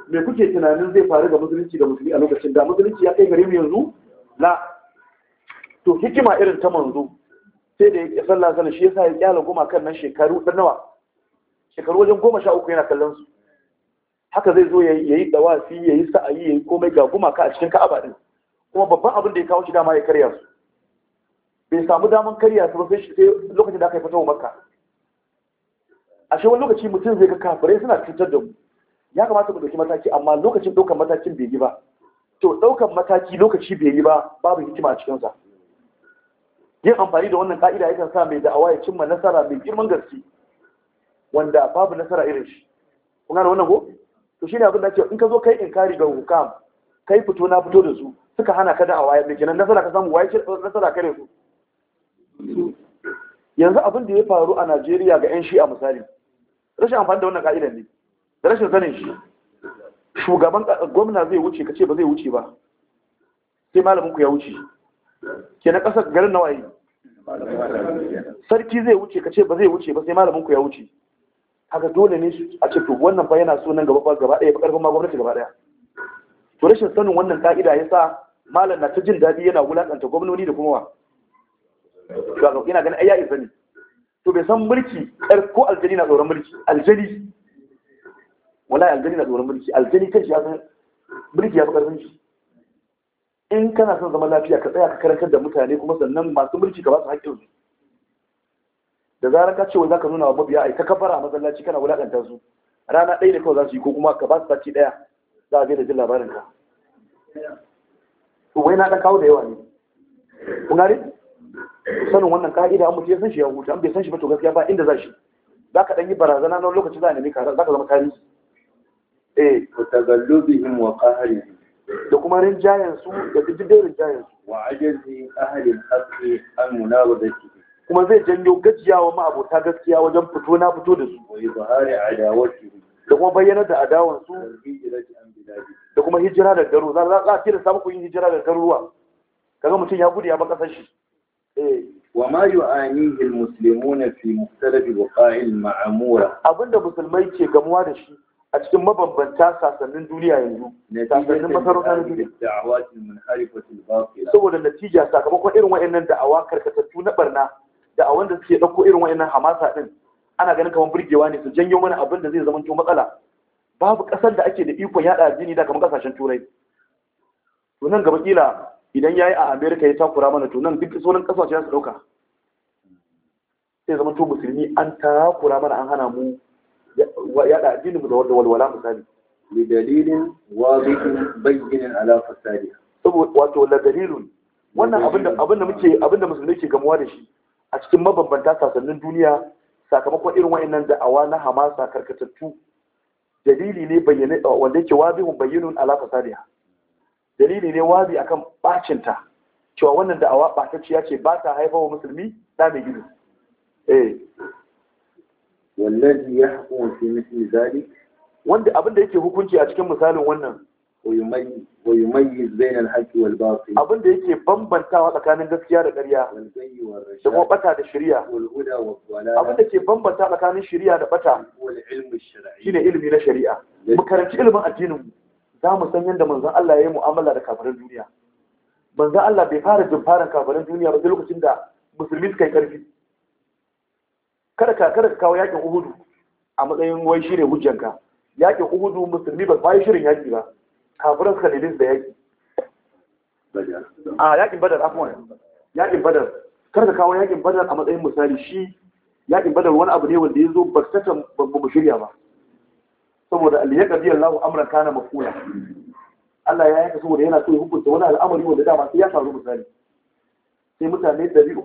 me kuke tunanin zai faru ga musulunci da musulmi a lokacin da musulunci ya kai gare mu yanzu la to hikima irin ta manzo sai da ya sallah sana shi yasa ya kyala goma kan nan shekaru dan nawa shekaru wajen goma sha uku yana kallon su haka zai zo ya yi dawafi ya yi sa'ayi ya yi komai ga gumaka a cikin ka'aba din kuma babban abin da ya kawo shi dama ya karya su bai samu daman karya su ba sai lokacin da aka yi wa makka a shi wani lokaci mutum zai ga kafirai suna cutar da mu ya kamata mu ɗauki mataki amma lokacin ɗaukar matakin bai yi ba to ɗaukar mataki lokaci bai yi ba babu hikima a cikinsa yin amfani da wannan ka'ida yakan sa mai da'awa ya cimma nasara mai girman gaske wanda babu nasara irin shi kun gane wannan ko to shine abin da ake in ka zo kai inkari ga hukam kai fito na fito da su suka hana ka da'awa ya mai kenan nasara ka samu waye nasara kare su yanzu abin da ya faru a Najeriya ga 'yan shi'a misali rashin amfani da wannan ka'idan ne da rashin sanin shi shugaban gwamna zai wuce ka ce ba zai wuce ba sai malamin ku ya wuce ke na ƙasar garin waye? sarki zai wuce ka ce ba zai wuce ba sai malamin ku ya wuce haka dole ne a ce to wannan fa yana so nan gaba gaba ɗaya ba karfin ma gwamnati gaba ɗaya to rashin sanin wannan ka'ida ya sa malam na ta jin daɗi yana wulaƙanta gwamnoni da kuma wa yana ganin ai ya isa ne to bai san mulki ko aljani na tsoron mulki aljani wallahi aljani na tsoron mulki aljani kan shi ya san mulki ya fi karfin shi in kana son zama lafiya ka tsaya ka karantar da mutane kuma sannan masu mulki ka ba su haƙƙin su da zarar ka ce wai zaka nuna wa mabiya ai ta kafara masallaci kana wulakanta su rana ɗaya da kawai za su yi ko kuma ka ba su sati ɗaya za a je da jin labarin ka to wai na ɗan kawo da yawa ne kun gane sanin wannan ka'ida an mutu ya san shi ya huta an bai san shi ba to gaskiya ba inda za shi za ka ɗan yi barazana na lokaci za a nemi ka za ka zama tarihi eh wa tagallubihim wa qahrihim da kuma rinjayen su da diddigin rinjayen su wa ajazi ahlil haske an munabadati kuma zai janyo gajiya wa ma'abota gaskiya wajen fito na fito da su wa adawar adawati da kuma bayyana da adawan su da kuma hijira da garu za a ce da samu kuyin hijira da garuruwa kaga mutum ya gudu ya ba kasar shi eh. wa ma yu'anihi almuslimuna fi mukhtalif waqa'il ma'amura abinda musulmai ke gamuwa da shi a cikin mabambanta sasannin duniya yanzu sasannin masarautar duniya saboda natija sakamakon irin wa'annan da'awa karkatattu na barna a da suke ɗauko irin wa'annan hamasa ɗin ana ganin kamar burgewa ne su janyo mana abin da zai zama to matsala babu ƙasar da ake da ikon yaɗa jini da kamar ƙasashen turai to nan gaba kila idan yayi a america ya takura mana to nan duk sauran ƙasashe za su ɗauka sai zama to musulmi an takura mana an hana mu yada addinin da da walwala misali li dalilin wadihin bayyinin ala fasadi saboda wato la dalilun wannan abinda abinda muke abinda musulmi ke gamuwa da shi a cikin mabambanta sasannin duniya sakamakon irin wa'annan da'awa na hamasa karkatattu dalili ne bayyane wanda yake wabihun bayyinun ala fasadiha dalili ne wabi akan bacinta cewa wannan da'awa batacciya ce ba ta haifa wa musulmi da mai gizo eh wallazi yahkum fi mithli zalik wanda abinda yake hukunci a cikin misalin wannan wa yumayyiz bayna al-haqqi wal batil abinda yake bambantawa tsakanin gaskiya da ƙarya da kuma bata da shari'a abinda ke bambanta tsakanin shari'a da bata shine ilimi na shari'a mu karanci ilimin addinin mu za mu san yadda manzon Allah ya yi mu'amala da kafirin duniya manzon Allah bai fara jin kafarin kafirin duniya ba sai lokacin da musulmi suka yi karfi kada ka kawo yakin uhudu a matsayin wai ne hujjanka yakin uhudu musulmi ba bai shirin yaki ba kafiran suka nemi da yaki a ah, yakin badar afwan yakin badar kada ka kawo yakin badar a matsayin misali shi yakin badar wani abu ne wanda ya zo baktatan ba mu shirya ba saboda ya biyan Allahu amran kana mafula Allah ya yanka saboda yana so ya hukunta wani al'amari wanda dama sai ya faru misali sai mutane 313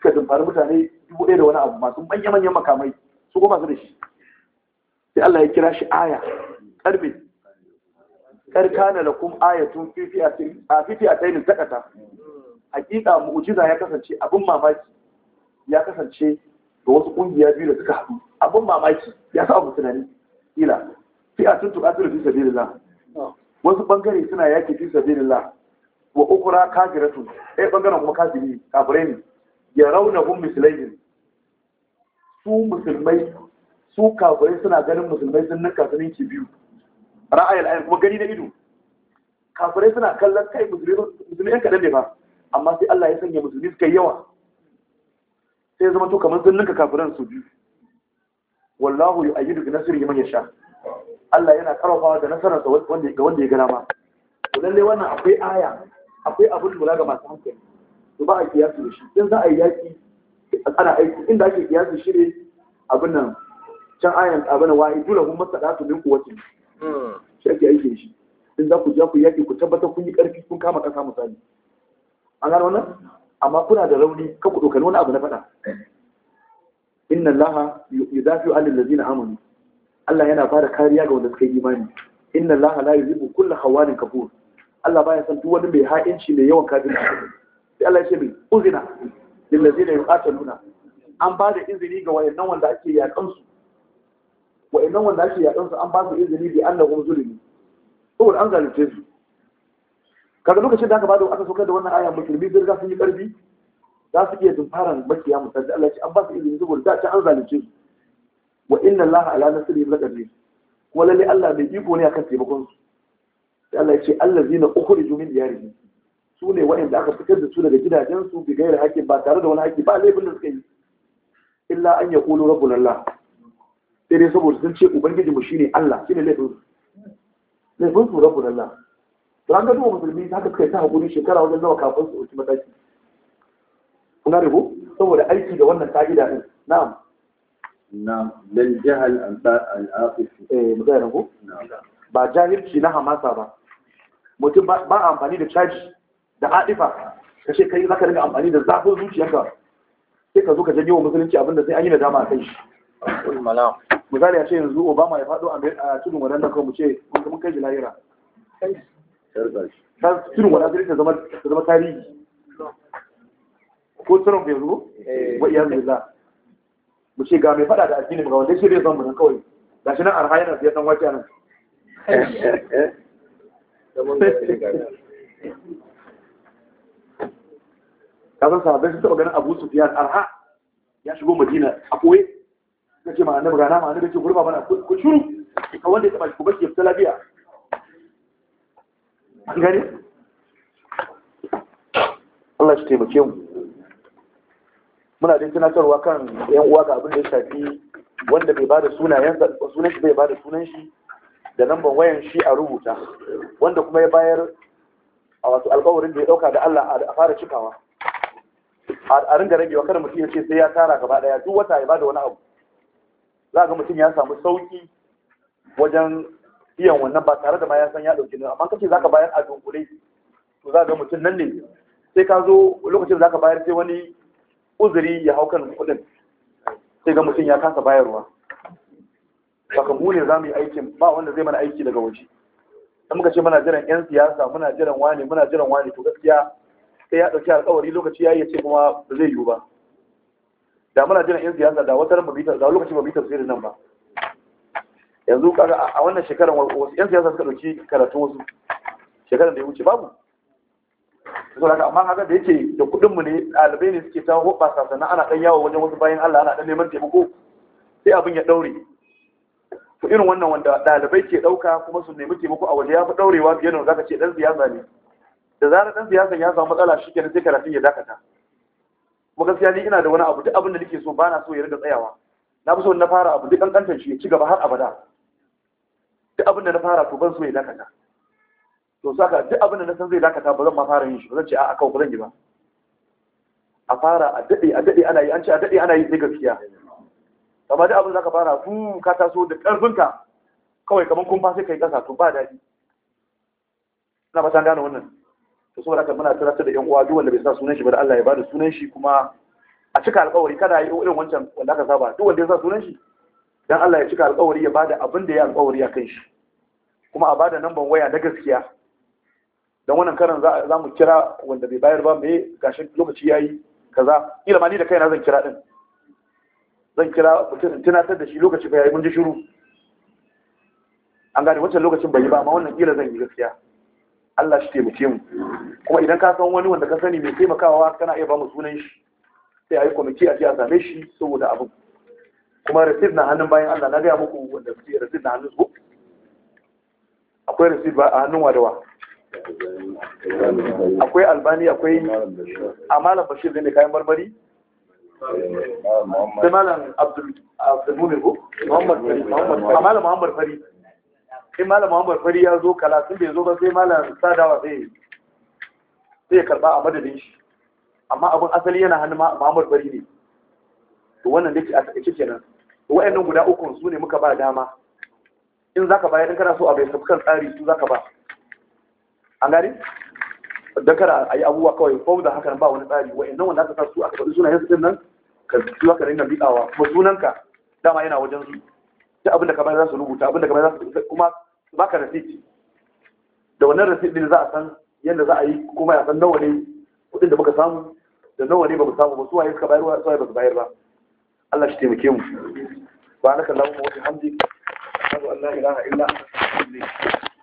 suka dumfari mutane bude da wani abu masu manya-manyan makamai su goma su da shi sai Allah ya kira shi aya ƙarfe ƙarƙana da kuma ayatun fifi a tainin takata hakika mu'ujiza ya kasance abin mamaki ya kasance da wasu ƙungiya biyu da suka haɗu abin mamaki ya sa abu tunani ila fi a tun tuƙatar fi sabilillah wasu ɓangare suna yaki fi sabilillah wa ukura kafiratun ɗaya ɓangaren kuma kafiri kafirai ne ya rauna hun musulai su musulmai su kafirai suna ganin musulmai sun ninka su ninki biyu ra'ayi al'ayin kuma gani da ido kafirai suna kallon kai musulmi yan kaɗan ne ba amma sai Allah ya sanya musulmi suka yawa sai zama to kamar sun ninka kafiran su biyu wallahu yu'ayyidu bi nasrihi man yasha Allah yana karfafawa da nasararsa ga wanda ya gana ma to wannan akwai aya akwai abin lura ga masu hankali to ba a kiyasi da shi in za a yi yaki ana aiki inda ake kiyasi shi ne abin nan can ayan abin nan wa'i dole kun masa datu min kuwatin hmm. shi ake aiki da shi in za ku je ku yaki ku tabbatar kun yi karfi kun kama ƙasa misali an gano wannan amma kuna da rauni kan ku dokani wani abu na faɗa inna allaha yudafi alil ladina amanu Allah yana bada kariya ga wanda suka yi imani inna allaha la yuzibu kullu hawanin kafur Allah baya san duk wani mai ha'inci mai yawan kafirci sai Allah ya ce mai uzina lillazina nuna. an ba da izini ga wayannan wanda ake yakan su wayannan wanda ake yakan su an ba su izini bi annahum zulmi saboda an zalunce su kaga lokacin da aka bada aka sokar da wannan aya musulmi zirga sun yi karfi za su iya dumfaran makiya musulmi Allah ce an ba su izini saboda da ta an zalunce su wa inna Allah ala nasri laqadir kuma lalle Allah bai iko ne akan taimakon su sai Allah ya ce allazina ukhriju min diyarihim su ne waɗanda aka fitar da su daga gidajensu bi gairar haƙƙi ba tare da wani haƙƙi ba laifin da suka yi illa an ya ƙulu rabu lalla sai dai saboda sun ce ubangiji mu shine Allah shine laifin laifinsu. laifin su rabbul to an ga duba musulmi haka suka yi ta haƙuri shekara wajen zama kafin su ɗauki mataki kun gane ko saboda aiki da wannan ka'ida ɗin na'am na'am lal jahal al-aqif eh mu ga ko ba jahilci na hamasa ba mutum ba amfani da caji da Haɗifa, ka ce kai zaka dinga amfani da zafin zuciyarka sai ka zo ka janyo wa musulunci abinda sai an yi nadama a kai shi misali a ce yanzu obama ya faɗo a tudun wadanda kawai mu ce mun kai shi lahira tudun wadanda ta zama tarihi ko trump yanzu eh. wa iya za mu ce ga mai faɗa da addini ga wanda shi zai zama nan kawai ga shi nan arha yana fiye san wace nan kasan sahabbai sun taɓa ganin abu su fiyan arha ya shigo madina a koye na ce ma'anar rana ma'anar da ce gurba mana ku shuru ka wanda ya taɓa shi bashi ke fita lafiya an gani Allah shi taimake mu muna da tunatarwa kan yan uwa ga abin da ya shafi wanda bai bada sunayen sunan shi bai bada sunan shi da lambar wayan shi a rubuta wanda kuma ya bayar a wasu alƙawarin da ya ɗauka da Allah a fara cikawa a ringa rabewa kada mutum ya ce sai ya tara gaba daya duk wata ya bada wani abu za ga mutum ya samu sauki wajen biyan wannan ba tare da ma ya san ya dauki nan amma kace zaka bayar a dunkule to za ga mutum nan ne sai ka zo lokacin zaka bayar sai wani uzuri ya hau kan kudin sai ga mutum ya kasa bayarwa baka mu ne za mu yi aikin ba wanda zai mana aiki daga waje in muka ce muna jiran yan siyasa muna jiran wani muna jiran wani to gaskiya sai ya ɗauki alƙawari lokaci ya yi ce kuma ba zai yiwu ba da muna jiran yan siyasa da wata ran da lokaci ba mu yi nan ba yanzu kaga a wannan shekarar wasu yan siyasa suka ɗauki karatu wasu shekarar da ya wuce babu so daga amma haka da yake da kuɗin mu ne ɗalibai ne suke ta hoɓasa sannan ana ɗan yawo wajen wasu bayan Allah ana ɗan neman taimako sai abin ya ɗaure to irin wannan wanda ɗalibai ke ɗauka kuma su nemi taimako a waje ya fi ɗaurewa biyar da zaka ce ɗan siyasa ne da zarar ɗan siyasan ya samu matsala shi kenan sai karatun ya dakata mu gaskiya ni ina da wani abu duk abin da nake so ba na so ya riga tsayawa na fi so na fara abu duk kankantar shi ya ci gaba har abada duk abin da na fara to ban so ya dakata to saka duk abin da na san zai dakata ba zan ma fara yin shi ba zan ce a'a kawai ba zan yi ba a fara a daɗe a daɗe ana yi an ce a daɗe ana yi sai gaskiya amma duk abin da ka fara su ka taso da ƙarfinka kawai kamar kun ba sai kai ƙasa to ba daɗi ina ba san gane wannan to saboda haka muna tarata da yan uwa duk wanda bai sa sunan shi ba da Allah ya bada sunan shi kuma a cika alƙawari kada yi irin wancan wanda aka saba duk wanda ya sa sunan shi dan Allah ya cika alƙawari ya bada abin da ya alƙawari a kan shi kuma a bada namban waya na gaskiya dan wannan karan za mu kira wanda bai bayar ba me gashi lokaci yayi kaza ila ma ni da kaina zan kira din zan kira mutum tunatar da shi lokaci ba yayi mun ji shiru an gane wancan lokacin bai yi ba amma wannan kila zan yi gaskiya Allah shi taimake mu kuma idan ka san wani wanda ka sani mai taimakawa kana iya ba mu sunan shi sai a yi kwamiti a je a same shi saboda abin kuma rasid na hannun bayan Allah na gaya muku wanda suke rasid na hannun su akwai rasid ba a hannun wadawa akwai albani akwai amalan bashir zai ne kayan marmari sai malam abdul mumin ko muhammad fari muhammad fari sai malam Muhammad Fari ya zo kala sun bai zo ba sai malam Sadawa sai sai karba a madadin shi amma abin asali yana hannun Muhammad Fari ne to wannan dake a take kenan wayannan guda uku su ne muka ba dama in zaka bayar in kana so a bai sabkan tsari su zaka ba an gani da kara a yi abubuwa kawai ko da haka ba wani tsari wayannan wanda aka sa su aka faɗi sunayen su din nan ka zuwa ka rinka bidawa kuma sunanka dama yana wajen su duk abin da ka bayar za su rubuta abin da ka bayar za su kuma baka rasiti da wannan rasit din za a san yadda za a yi kuma ya san nawa ne kuɗin da muka samu da nawa ne ba mu samu ba suwaye suka bayar su ba su bayar ba Allah shi taimake mu ba na kallon wani hamdi Allah ilaha illa anta